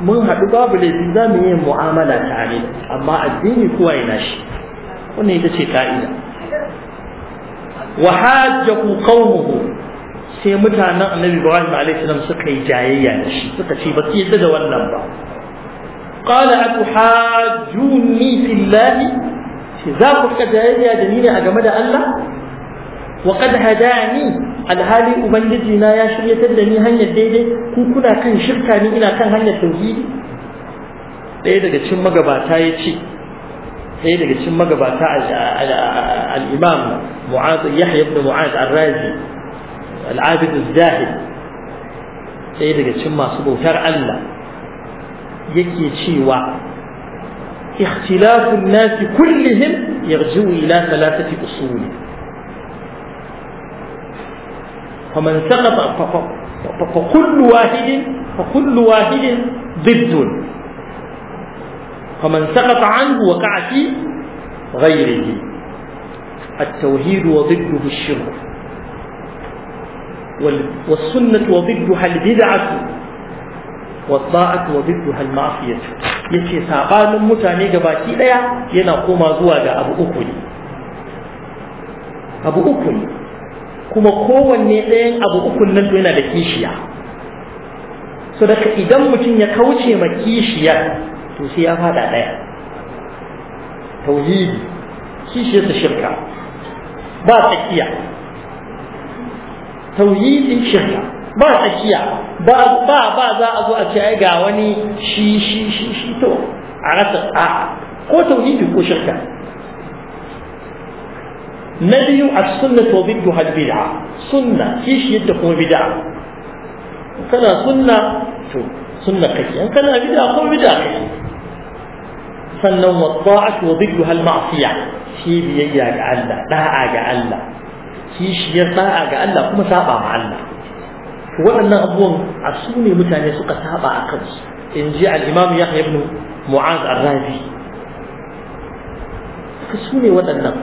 mun haɗu babu laifi za mu yi mu'amala tare amma addini kuwa yana shi wannan ita ce ka'ida wa hajjahu qaumuhu sai mutanen annabi ibrahim alaihi salam suka yi jayayya da shi suka ce ba su yadda da wannan ba qala atuhajjuni fillahi sai za ku ka jayayya da ni ne a game da Allah wa qad hadani alhali ubangiji na ya shiryatar da ni hanyar daidai ku kuna kan shirka ni ina kan hanyar tauhidi ɗaya daga cikin magabata ya ce ɗaya daga cikin magabata al-imam mu'az yahya ibn mu'az ar-razi al-abid az daga masu bautar Allah yake cewa اختلاف الناس كلهم يرجو إلى ثلاثة أصول فمن سقط فكل واحد فكل واحد ضد فمن سقط عنه وقع في غيره التوحيد وضده الشرك والسنة وضدها البدعة والطاعة وضدها المعصية يتي ساقان متاني gabaki daya ينقوم koma أبو أكل أبو أكل kuma kowanne ɗayan abu ukun nan to yana da kishiya so daga idan mutum ya kauce ma kishiyar to sai ya fada ɗaya tauhidi kishiyarsa shirka ba tsakiya Tauhidi shirka ba tsakiya ba ba ba za a zo a ce ai ga wani shi shi shi shi to a rasa a ko tauhidi ko shirka نبي على السنة وبدها البدعة سنة كيش يدك بدعة كنا سنة شو سنة كيش يعني كنا بدعة قوم بدعة كيش فالنوم الطاعة وبدها المعصية شي بيجي أجعلنا لا أجعلنا كيش يرتا أجعلنا كم سابع معنا وأنا أظن أسوني متعني سوق سابع أقص إن جاء الإمام يحيى بن معاذ الرازي أسوني وأنا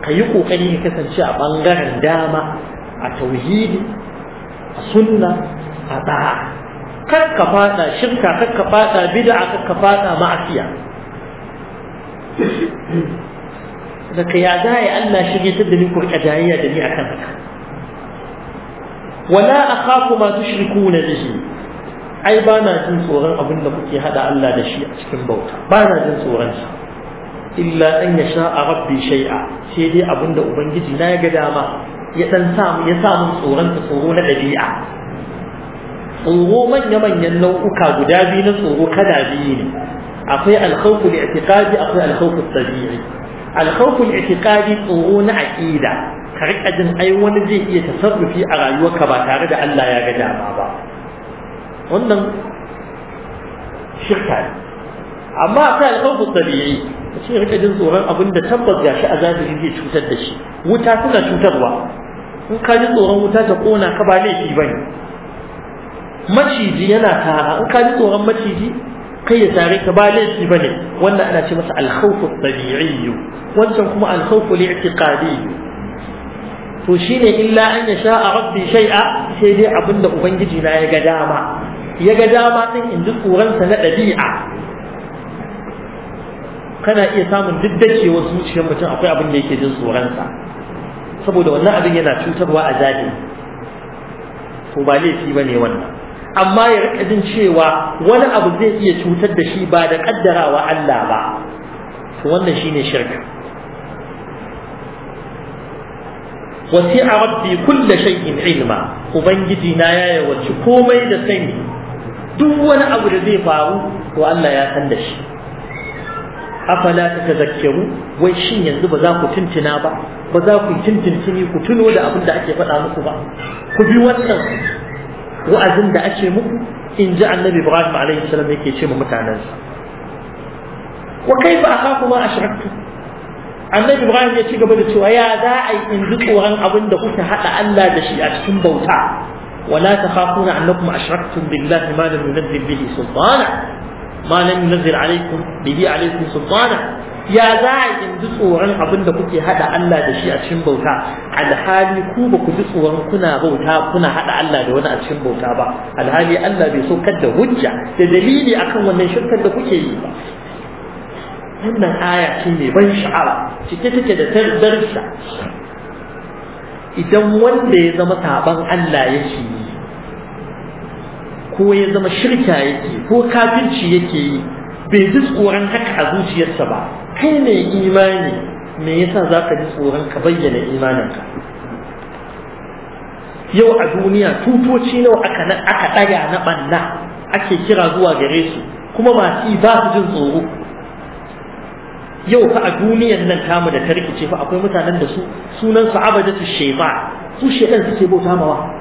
ka yi ƙoƙari ya kasance a ɓangaren dama a tauhidi a sunna a ɗa'a kar ka fada shirka kar ka fada bid'a kar ka fada ma'asiya daga ya za a yi Allah shirye ta da ni kurka jayayya da ni akan haka wala akhafu ma tushrikuna bihi ai ba na jin tsoron abin da kuke hada Allah da shi a cikin bauta ba na jin tsoron shi illa an yasha a rabbi shay'a sai dai abinda ubangiji na ya ga dama ya dan sa ya sa mun tsoron ta tsoro na dabi'a tsoro manya manyan nau'uka guda biyu na tsoro kada biyu ne akwai alkhawfu li'tiqadi akwai alkhawfu tabi'i alkhawfu li'tiqadi tsoro na aqida ka rika jin ai wani zai iya tasarrufi a rayuwarka ba tare da Allah ya ga dama ba wannan shirka ne amma akwai alkhawfu tabi'i shi rika jin tsoron abin da tabbas gashi a zahiri zai cutar da shi wuta suna cutarwa in ka ji tsoron wuta ta kona ka ba laifi ne. maciji yana tara in ka ji tsoron maciji kai ya tare ka ba laifi bane wannan ana ce masa alkhawfu tabi'i wancan kuma alkhawfu li'tiqadi to shine illa an ya sha a rabbi shay'a sai dai abinda ubangiji na ya ga dama ya ga dama din in ji tsoron sa na ɗabi'a. kana iya samun duk dacewar zuciyar mutum akwai abin da yake jin tsoronsa saboda wannan abin yana cutarwa a zaɗi to ba laifi ba ne wannan amma ya rika jin cewa wani abu zai iya cutar da shi ba da kaddarawa Allah ba to wannan shine shirka wasi'a rabbi kulli shay'in ilma ubangiji na ya yawaci komai da sani duk wani abu da zai faru to Allah ya san da shi afala ta tazakkaru wai shin yanzu ba za ku tuntuna ba ba za ku tuntuntuni ku tuno da abin da ake faɗa muku ba ku bi wannan wa'azin da ake muku in ji annabi ibrahim alaihi salam yake ce ma mutanensa wa kaifa akaku ma ashraktu annabi ibrahim ya ci gaba da cewa ya za a yi in ji tsoron abin da kuka haɗa allah da shi a cikin bauta ولا تخافون أنكم أشركتم بالله ما لم ينزل به سلطانا ma lam yunzil alaikum bibi alaikum sultana ya za a in tsoron abin da kuke haɗa Allah da shi a cikin bauta alhali ku ba ku ji tsoron kuna bauta kuna haɗa Allah da wani a cikin bauta ba alhali Allah bai saukar da hujja da dalili akan wannan shirkar da kuke yi ba wannan aya ce mai ban sha'awa cike take da tardarsa idan wanda ya zama saban Allah yake yi ko ya zama shirka yake ko kafirci yake yi bai ji tsoron haka a zuciyarsa ba kai ne imani me yasa za ka ji tsoron ka bayyana imaninka yau a duniya tutoci nawa aka aka ɗaga na ɓanna ake kira zuwa gare su kuma su ba su jin tsoro yau fa a duniyar nan tamu da tarkice fa akwai mutanen da su sunan su abadatu Shema, su shedan suke bauta mawa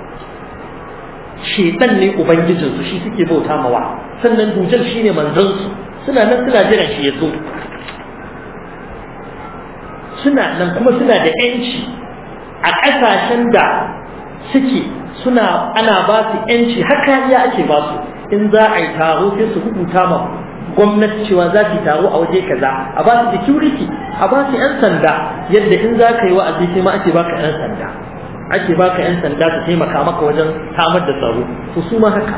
shedan ne ubangijinsu shi suke bauta mawa sannan dujal shine manzansu suna nan suna jiran shi ya zo suna nan kuma suna da yanci a ƙasashen da suke suna ana ba su yanci haka ya ake ba su in za a yi taro sai su rubuta ma gwamnati cewa za ki taro a waje kaza a ba su security a ba su yan sanda yadda in za ka yi wa'azi sai ma ake baka yan sanda ake baka yan sanda su taimaka maka wajen samar da tsaro to su ma haka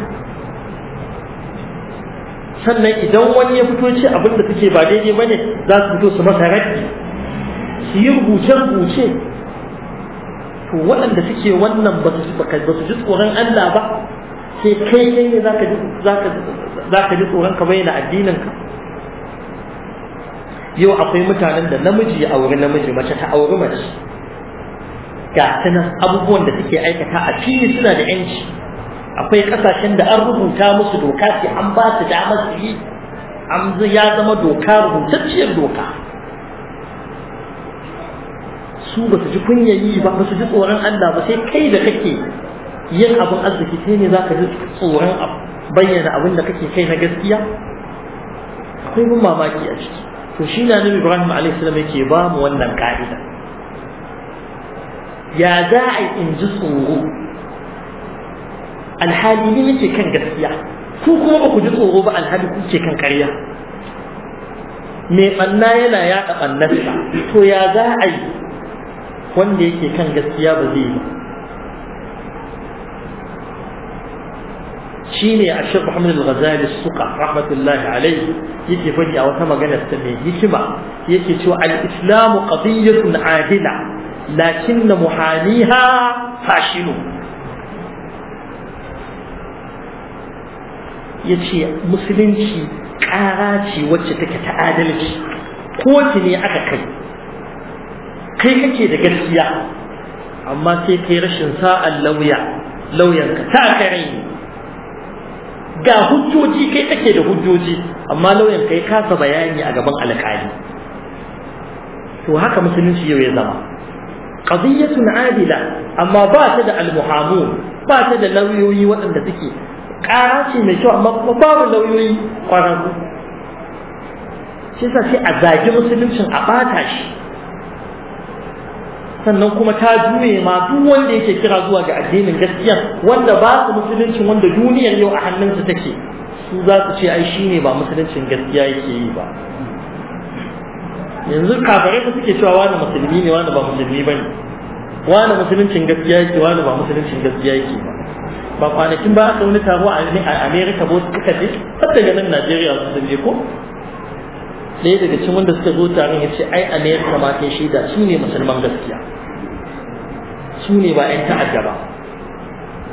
sannan idan wani ya fito ce abin da suke ba daidai bane za su fito su masa raddi su yi rubuce rubuce to waɗanda suke wannan ba su ji tsoron Allah ba sai kai kai ne za ka ji tsoron ka bayyana addinin ka yau akwai mutanen da namiji ya auri namiji mace ta auri mace ga sanan abubuwan da suke aikata a fili suna da yanci akwai kasashen da an rubuta musu doka ce an ba su damar su yi an ya zama doka rubutacciyar doka su ba su ji kunya yi ba ba su ji tsoron Allah ba sai kai da kake yin abin arziki sai ne za ka ji tsoron bayyana abin da kake kai na gaskiya akwai mun mamaki a ciki to shi na nabi Ibrahim alaihi salam yake ba mu wannan ka'ida ya za a in ji tsoro alhali ni nake kan gaskiya ku kuma ba ku ji tsoro ba alhali kuke kan karya mai ɓanna yana yaɗa ɓannarsa to ya za a yi wanda yake kan gaskiya ba zai yi shi ne a shafi hamdul ghazali suka rahmatullahi alaihi yake faɗi a wata maganar ta mai hikima yake cewa al-islamu qadiyyatun adila lakinna muhaniha fashinu yace musulunci ƙara ce wacce take ta adalci ko ne aka kai kai kake da gaskiya amma sai kai rashin sa'an lauya lauyanka ta kare ne ga hujjoji kai kake da hujjoji amma lauyan kai kasa bayani a gaban alƙali to haka musulunci yau ya zama qadiyyatun adila amma ba ta da almuhamun ba ta da lauyoyi waɗanda suke ƙara mai kyau amma kuma babu lauyoyi ku shi sa sai a zagi musuluncin a ɓata shi sannan kuma ta juye ma duk wanda yake kira zuwa ga addinin gaskiya wanda ba su musuluncin wanda duniyar yau a hannunsu take su za su ce ai shine ba musuluncin gaskiya yake yi ba yanzu kafare da suke cewa wani musulmi ne wani ba musulmi ba ne wani musuluncin gaskiya yake wani ba musuluncin gaskiya yake ba kwanakin ba aka wani taro a amerika ba su suka je har daga nan najeriya su je ko ɗaya daga cikin wanda suka zo taron ya ce ai amerika ma kai shaida su ne musulman gaskiya su ne ba 'yan ta'adda ba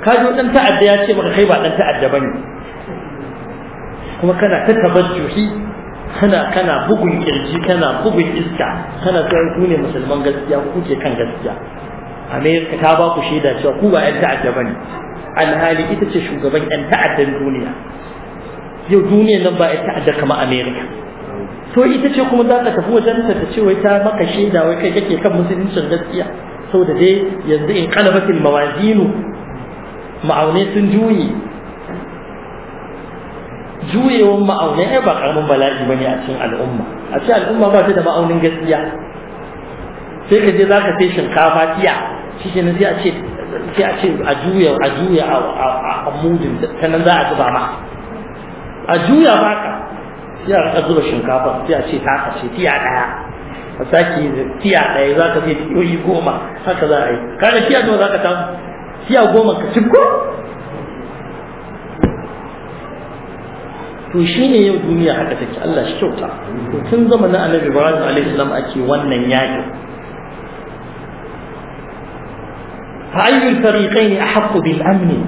ka ji ɗan ta'adda ya ce maka kai ba ɗan ta'adda ba ne kuma kana ta tabajjuhi kana kana bugun kirji kana bugun iska kana cewa ku ne musulman gaskiya ku ke kan gaskiya amerika ta ba ku shaida cewa ku ba 'yan ta'adda bane alhali ita ce shugaban 'yan ta'addan duniya yau duniyar nan ba 'yan ta'adda kamar amerika to ita ce kuma za ka tafi wajen ta ce wai ta maka shaida wai kai kake kan musuluncin gaskiya saboda dai yanzu in qalabatil mawazinu ma'aunai sun juyi juyewan ma'aunai ai ba karamin bala'i bane a cikin al'umma a cikin al'umma ba ta da ma'aunin gaskiya sai ka je za ka sai shinkafa tiya shi ke sai a ce sai a ce a juya a juya a mudin ta nan za a zuba ma a juya ba ka sai a zuba shinkafa sai a ce ta ka ce tiya daya a sake tiya ɗaya za ka sai tiyoyi goma haka za a yi kaga tiya nawa za ka samu tiya goma ka cibgo to shi ne yau duniya haka take Allah shi kyauta tun zamanin annabi Ibrahim alaihi salam ake wannan yaƙi fa ayyul fariqayn ahqqu bil amni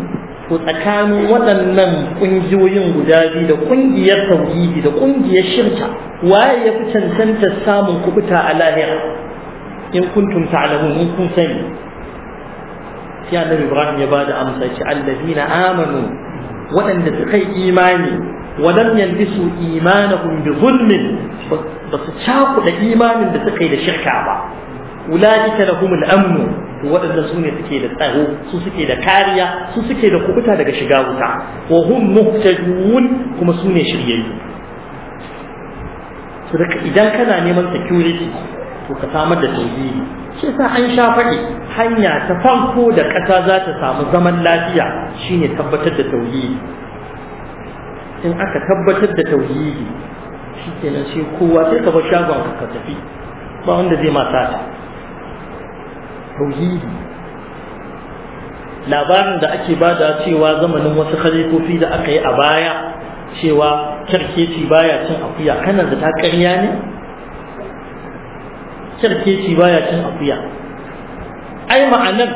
to tsakanin waɗannan ƙungiyoyin guda biyu da ƙungiyar tauhidi da ƙungiyar shirka waye ya fi cancanta samun kubuta a lahira in kuntum ta'lamun in kun sani sai annabi Ibrahim ya bada amsa ce alladina amanu waɗanda suka yi imani ولم يلبسوا إيمانهم بظلم بس شاقوا إيمان بسقي لشركة عبا أولئك لهم الأمن وأن سنة سكي لتأهو سسكي لكاريا سسكي لقبتها لك شقاوتا وهم مهتدون هم سنة شريعين صدق إذا كان نيمان security to ka samar da tauhidi shi yasa an sha faɗi hanya ta farko da ƙasa za ta samu zaman lafiya shine tabbatar da tauhidi in aka tabbatar da tauhidi shi kenan sai kowa sai ka bar shagon ka tafi ba wanda zai ma sata tauhidi labarin da ake bada cewa zamanin wasu khalifofi da aka yi a baya cewa kyarkeci baya cin akuya kana da ta karya ne kyarkeci baya cin akuya ai ma'anar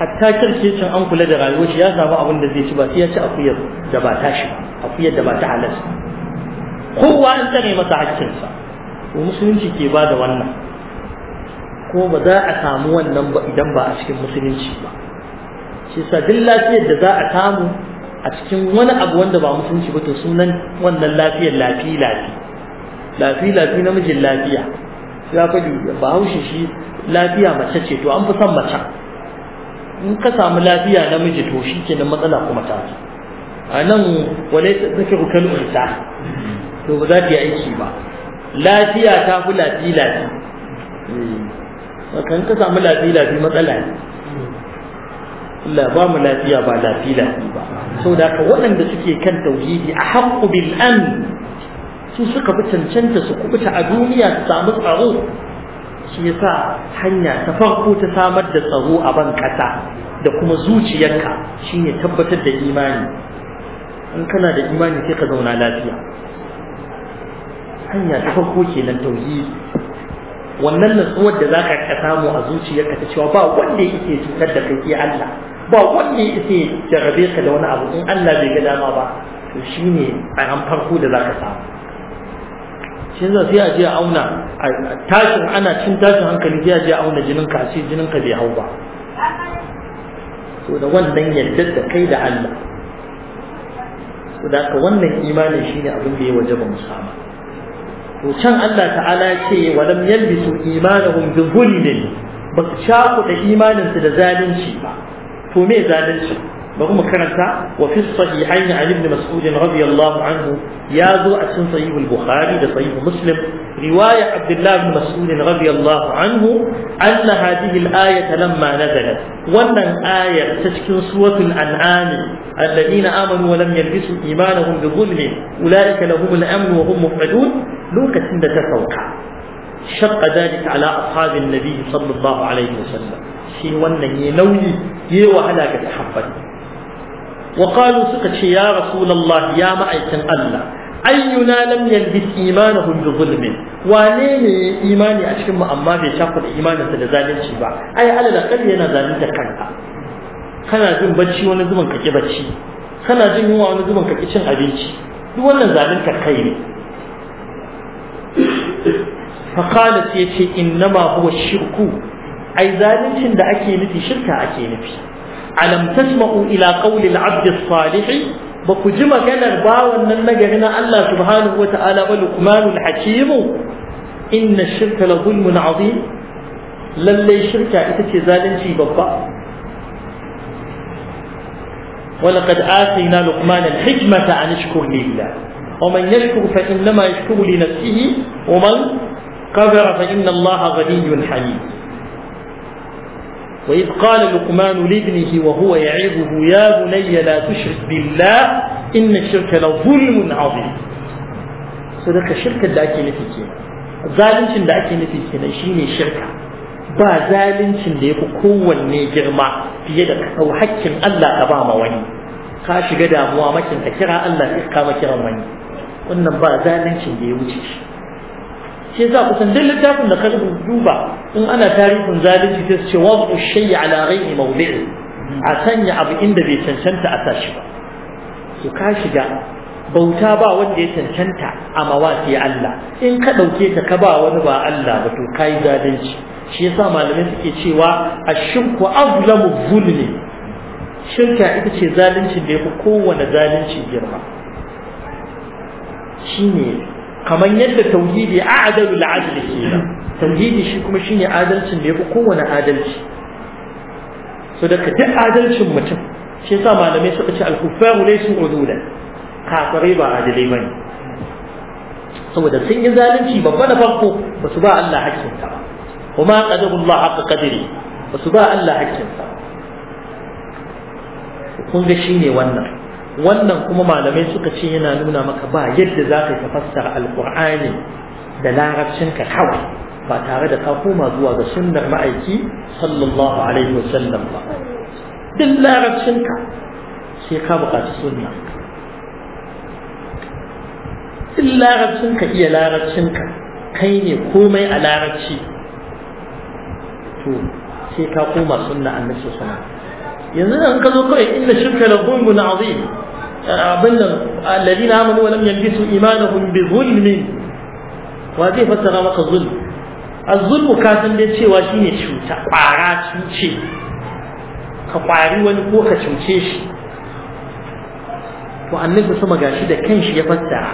hatta kyarkecin an kula da rayuwar shi ya samu abin da zai ci ba sai ya ci akuyar da ba tashi akuyar da ba ta halasta kowa an tsare masa haƙƙinsa to musulunci ke ba da wannan ko ba za a samu wannan ba idan ba a cikin musulunci ba shi yasa duk lafiyar da za a samu a cikin wani abu wanda ba musulunci ba to sunan wannan lafiyar lafi lafi lafi lafi namijin lafiya ya faɗi bahaushe shi lafiya mace ce to an fi son mace in ka samu lafiya namiji to shi kenan matsala kuma ta a nan wale zake rukal unta to ba za ta yi aiki ba lafiya ta fi lafi lafi kan ka samu lafi lafi matsala ne illa ba mu lafiya ba lafi lafi ba sau da ka waɗanda suke kan tauhidi a haƙƙu bil an su suka fi cancanta su kubuta a duniya su samu tsaro shi yasa hanya ta farko ta samar da tsaro a ban ƙasa da kuma zuciyarka shine tabbatar da imani in kana da imani sai ka zauna lafiya hanya ta farko kenan tauhidi wannan nutsuwar da zaka ka samu a zuciyarka ta cewa ba wanda yake cutar da kai Allah ba wanda yake jarabe ka da wani abu in Allah bai ga dama ba to shine a ran farko da zaka samu shin za sai a je a auna tashin ana cin tashin hankali sai a je a auna jinin ka sai jinin ka bai hau ba to da wannan yaddar da kai da Allah to da wannan imanin shine abin da ya wajaba mu samu to can Allah ta'ala ya ce walam yalbisu imanahum bi dhulmin ba su shaku da imanin su da zalunci ba to me zalunci bari mu karanta wa fi sahihayn an ibn mas'ud radiyallahu anhu ya zo a cikin sahih al-bukhari da sahih muslim riwaya abdullah ibn mas'ud radiyallahu anhu anna hadhihi al-ayata lamma nazalat wannan ayar ta cikin suratul an'am alladhina amanu wa lam yalbisu imanahum bi dhulmin ulaika lahum al-amn wa hum muhtadun lokacin da ta sauka shaqqa dhalika ala ashabin nabi sallallahu alaihi wasallam shi wannan ya nauyi ya wahala ga sahabbai وقالوا سكت يا رسول الله يا معيكن الله أينا لم يلبس إيمانه بظلم وانين إيماني أشكم أما في شاقل إيمان سلزالين شبا أي على الأقل ينا ذالين تكنك kana jin bacci wani zuban kake bacci kana jin yunwa wani zuban kake cin abinci duk wannan zalunta kai ne faƙala sai ce innama huwa shirku ai zaluncin da ake nufi shirka ake nufi alam tasma'u ila qawli al-'abd as-salih ba ku ji maganar ba wannan nagari na Allah subhanahu wa ta'ala ba luqmanul hakim inna ash shirka la dhulmun azim lalle shirka ita ce zalunci babba ولقد آتينا لقمان الحكمة أن اشكر لله ومن يشكر فإنما يشكر لنفسه ومن كفر فإن الله غني حميد وإذ قال لقمان لابنه وهو يعظه يا بني لا تشرك بالله إن الشرك لظلم عظيم صدق الشرك اللي أكي نتيجي ظالم شن اللي أكي نتيجي الشرك با ظالم اللي يكو قوة نجرمع في يدك أو حكم ألا أبام وني قاش قدام وامكن أكرا ألا إقام كرا وني وإنما با ظالم اللي يوجيش shi yasa kusan duk littafin da ka duba in ana tarihin zalunci sai su ce wabu shay'i ala ghairi mawdi'i a sanya abu inda bai cancanta a tashi ba to ka shiga bauta ba wanda ya cancanta a mawasi Allah in ka dauke ta ka ba wani ba Allah ba to kai zalunci shi yasa malamai suke cewa ashirku azlamu zulmi shirka ita ce zaluncin da yafi kowane zalunci girma shine kamar yadda tauhidi a'dalu al'adl kenan tauhidi shi kuma shine adalcin da yafi kowane adalci so daga duk adalcin mutum shi sa malamai suka ce al-kuffaru laysu udula kafirai ba adalai bane saboda sun yi zalunci babba na farko ba su ba Allah hakkinsa ba kuma qadarullah haqqa qadri ba su ba Allah hakkinsa kun ga shine wannan wannan kuma malamai suka ce yana nuna maka ba yadda za ka ka fassara alƙur'ani da larabcinka kawai ba tare da ka koma zuwa ga sunnar ma'aiki sallallahu alaihi wasallam ba duk larabcinka sai ka buƙaci sunna duk larabcinka iya larabcinka kai ne komai a larabci to sai ka koma sunna annabi sallallahu alaihi wasallam yanzu da ka zo kawai inna shirka la zulmun azim abin nan na amanu wa lam yalbisu imanahum bi zulmin wa zai fassara maka zulm az-zulmu ka san dai cewa shine cuta kwara cuce ka kwari wani ko ka cuce shi to annabi sama gashi da kanshi ya fassara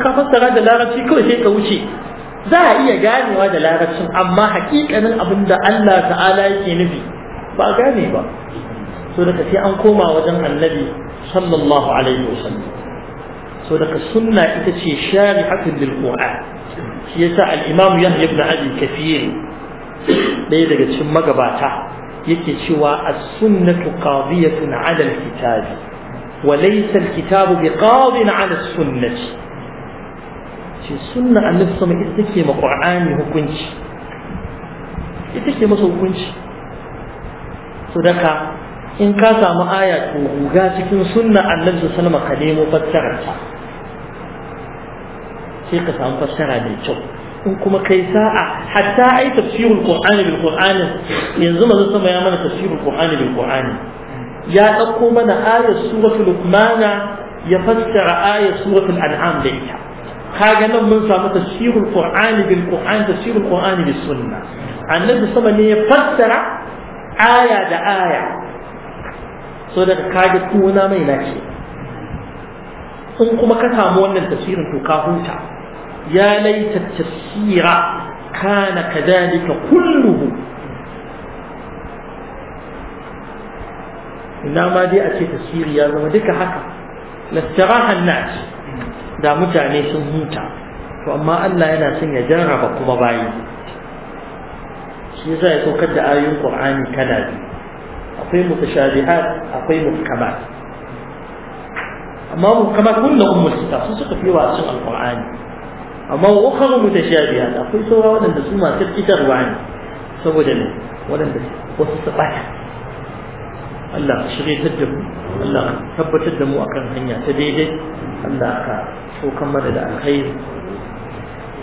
ka fassara da larabci kawai sai ka wuce za a iya ganewa da larabcin amma hakikanin abin da Allah ta'ala yake nufi ba gane ba so daga sai an koma wajen annabi sallallahu alaihi wasallam so daga sunna ita ce shari'atun lil qur'an shi yasa al-imam yahya ibn abi kathir ɗaya daga cikin magabata yake cewa as-sunnatu qadiyatun 'ala al-kitab wa laysa al-kitab biqadin 'ala as-sunnati shi sunna annabi sama ita take ma qur'ani hukunci ita ce masa hukunci sadaka in ka samu aya to guga cikin sunna annabi sallama ka nemo ta, sai ka samu fassara mai kyau in kuma kai sa'a hatta ai tafsirul qur'ani bil qur'ani yanzu manzo sama ya mana tafsirul qur'ani bil qur'ani ya dauko mana ayat suratul luqmana ya fassara ayat suratul an'am da ita kaga nan mun samu tafsirul qur'ani bil qur'ani tafsirul qur'ani bis sunna annabi sama ne ya fassara aya da aya so daga kage kuna mai nace in kuma ka samu wannan tafsirin to ka huta ya laita tafsira kana kadalika kulluhu ina ma dai a ce tasiri ya zama duka haka lastarahan nas da mutane sun huta to amma Allah yana son ya jarraba kuma bayi shi yasa ya saukar da ayoyin qur'ani kana bi akwai mutashabihat akwai muhkamat amma muhkamat kunna ummu sita sun suka fi wa cikin alqur'ani amma ukhra mutashabihat akwai saura wadanda su masu kitarwa ne saboda ne wadanda wasu su bata Allah ka shiryatar da mu Allah ka tabbatar da mu akan hanya ta daidai Allah ka saukan mana da alkhairi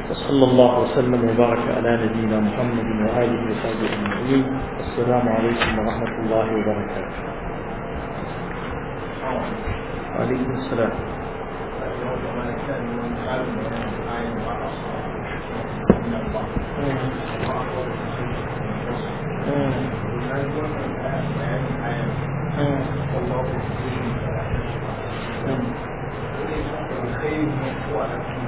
وصلى الله وسلم وبارك على نبينا محمد وآله وصحبه أجمعين السلام عليكم ورحمة الله وبركاته وعليكم السلام Thank you.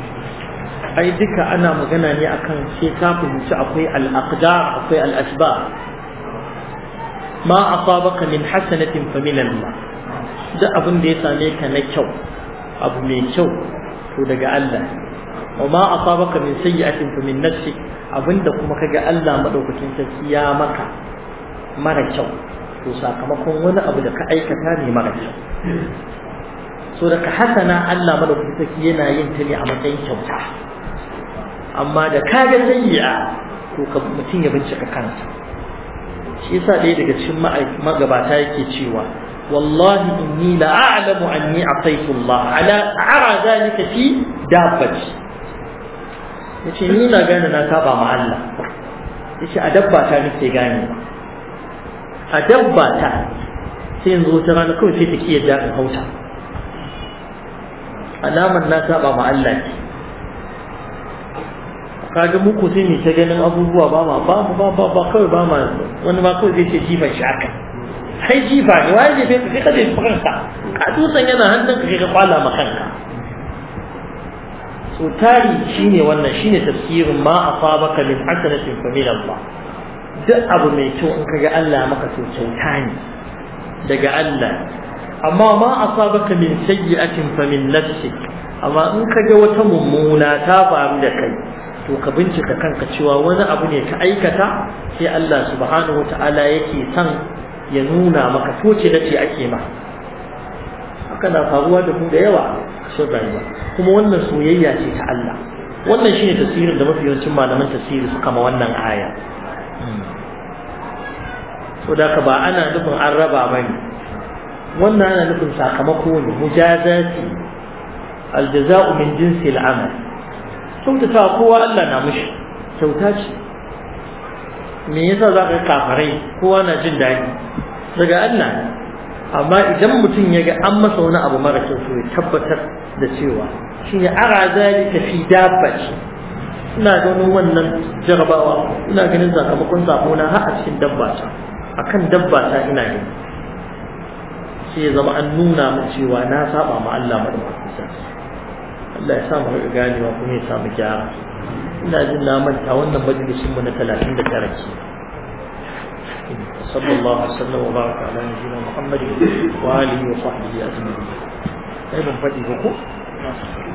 ai duka ana magana ne akan sai ka fahimci akwai al akwai al-asbab ma asabaka min hasanatin fa min Allah da abin da ya same ka na kyau abu mai kyau to daga Allah wa ma asabaka min sayyi'atin fa min nafsi abinda kuma kaga Allah madaukakin sarki ya maka mara kyau to sakamakon wani abu da ka aikata ne mara kyau so daga hasana Allah madaukakin sarki yana yin ta ne a matsayin kyauta amma da kaga sayyi'a to ka mutum ya bincika kansa shi yasa ɗaya daga cikin magabata yake cewa wallahi inni la a'lamu anni ataitu Allah ala ara zalika fi dabbati yace ni na gane na saba ma Allah yace a dabba ta nake gane a dabba ta sai yanzu ta rana kawai sai ta kiyar da hauta alamar na saba ma Allah ce kaga mu ko sai mu ta ganin abubuwa ba ma ba ba ba ba kawai ba ma wani ba kawai zai ce jifa shi haka kai jifa ne wani jefe ka ka jefe kanka ka dutsen yana hannun ka ka kwala ma kanka so tari shine wannan shine tafsirin ma asabaka min hasanatin fa min Allah duk abu mai kyau in kaga Allah maka to kyauta ne daga Allah amma ma asabaka min sayyi'atin fa min nafsik amma in ka ga wata mummuna ta faru da kai to ka bincika kanka cewa wani abu ne ka aikata sai Allah subhanahu wata'ala yake son ya nuna maka toce da ce ake ma haka na faruwa da mu da yawa sun rayuwa kuma wannan soyayya ce ta Allah wannan shine tasirin da mafi yawancin malaman tasiri suka ma wannan aya hmm. so ka ba ana nufin an raba bane wannan ana nufin sakamako ne mujazati aljaza'u min jinsi al'amal kyautata kowa Allah na mushi kyauta ce me yasa za ka kafarai kowa na jin daɗi daga Allah amma idan mutum ya ga an masa wani abu mara kyau to ya tabbatar da cewa shi ne ara tafi dabba ce? ina ganin wannan jarabawa ina ganin sakamakon sabona har a cikin dabba ta akan dabba ta ina gani sai ya zama an nuna min cewa na saba ma Allah madaukakin sarki Allah ya samu gane ganewa kuma ya samu gyara ina jin na manta wannan majalisin mu na 39 ke صلى الله وسلم وبارك على نبينا محمد sai ban faɗi ايضا فتي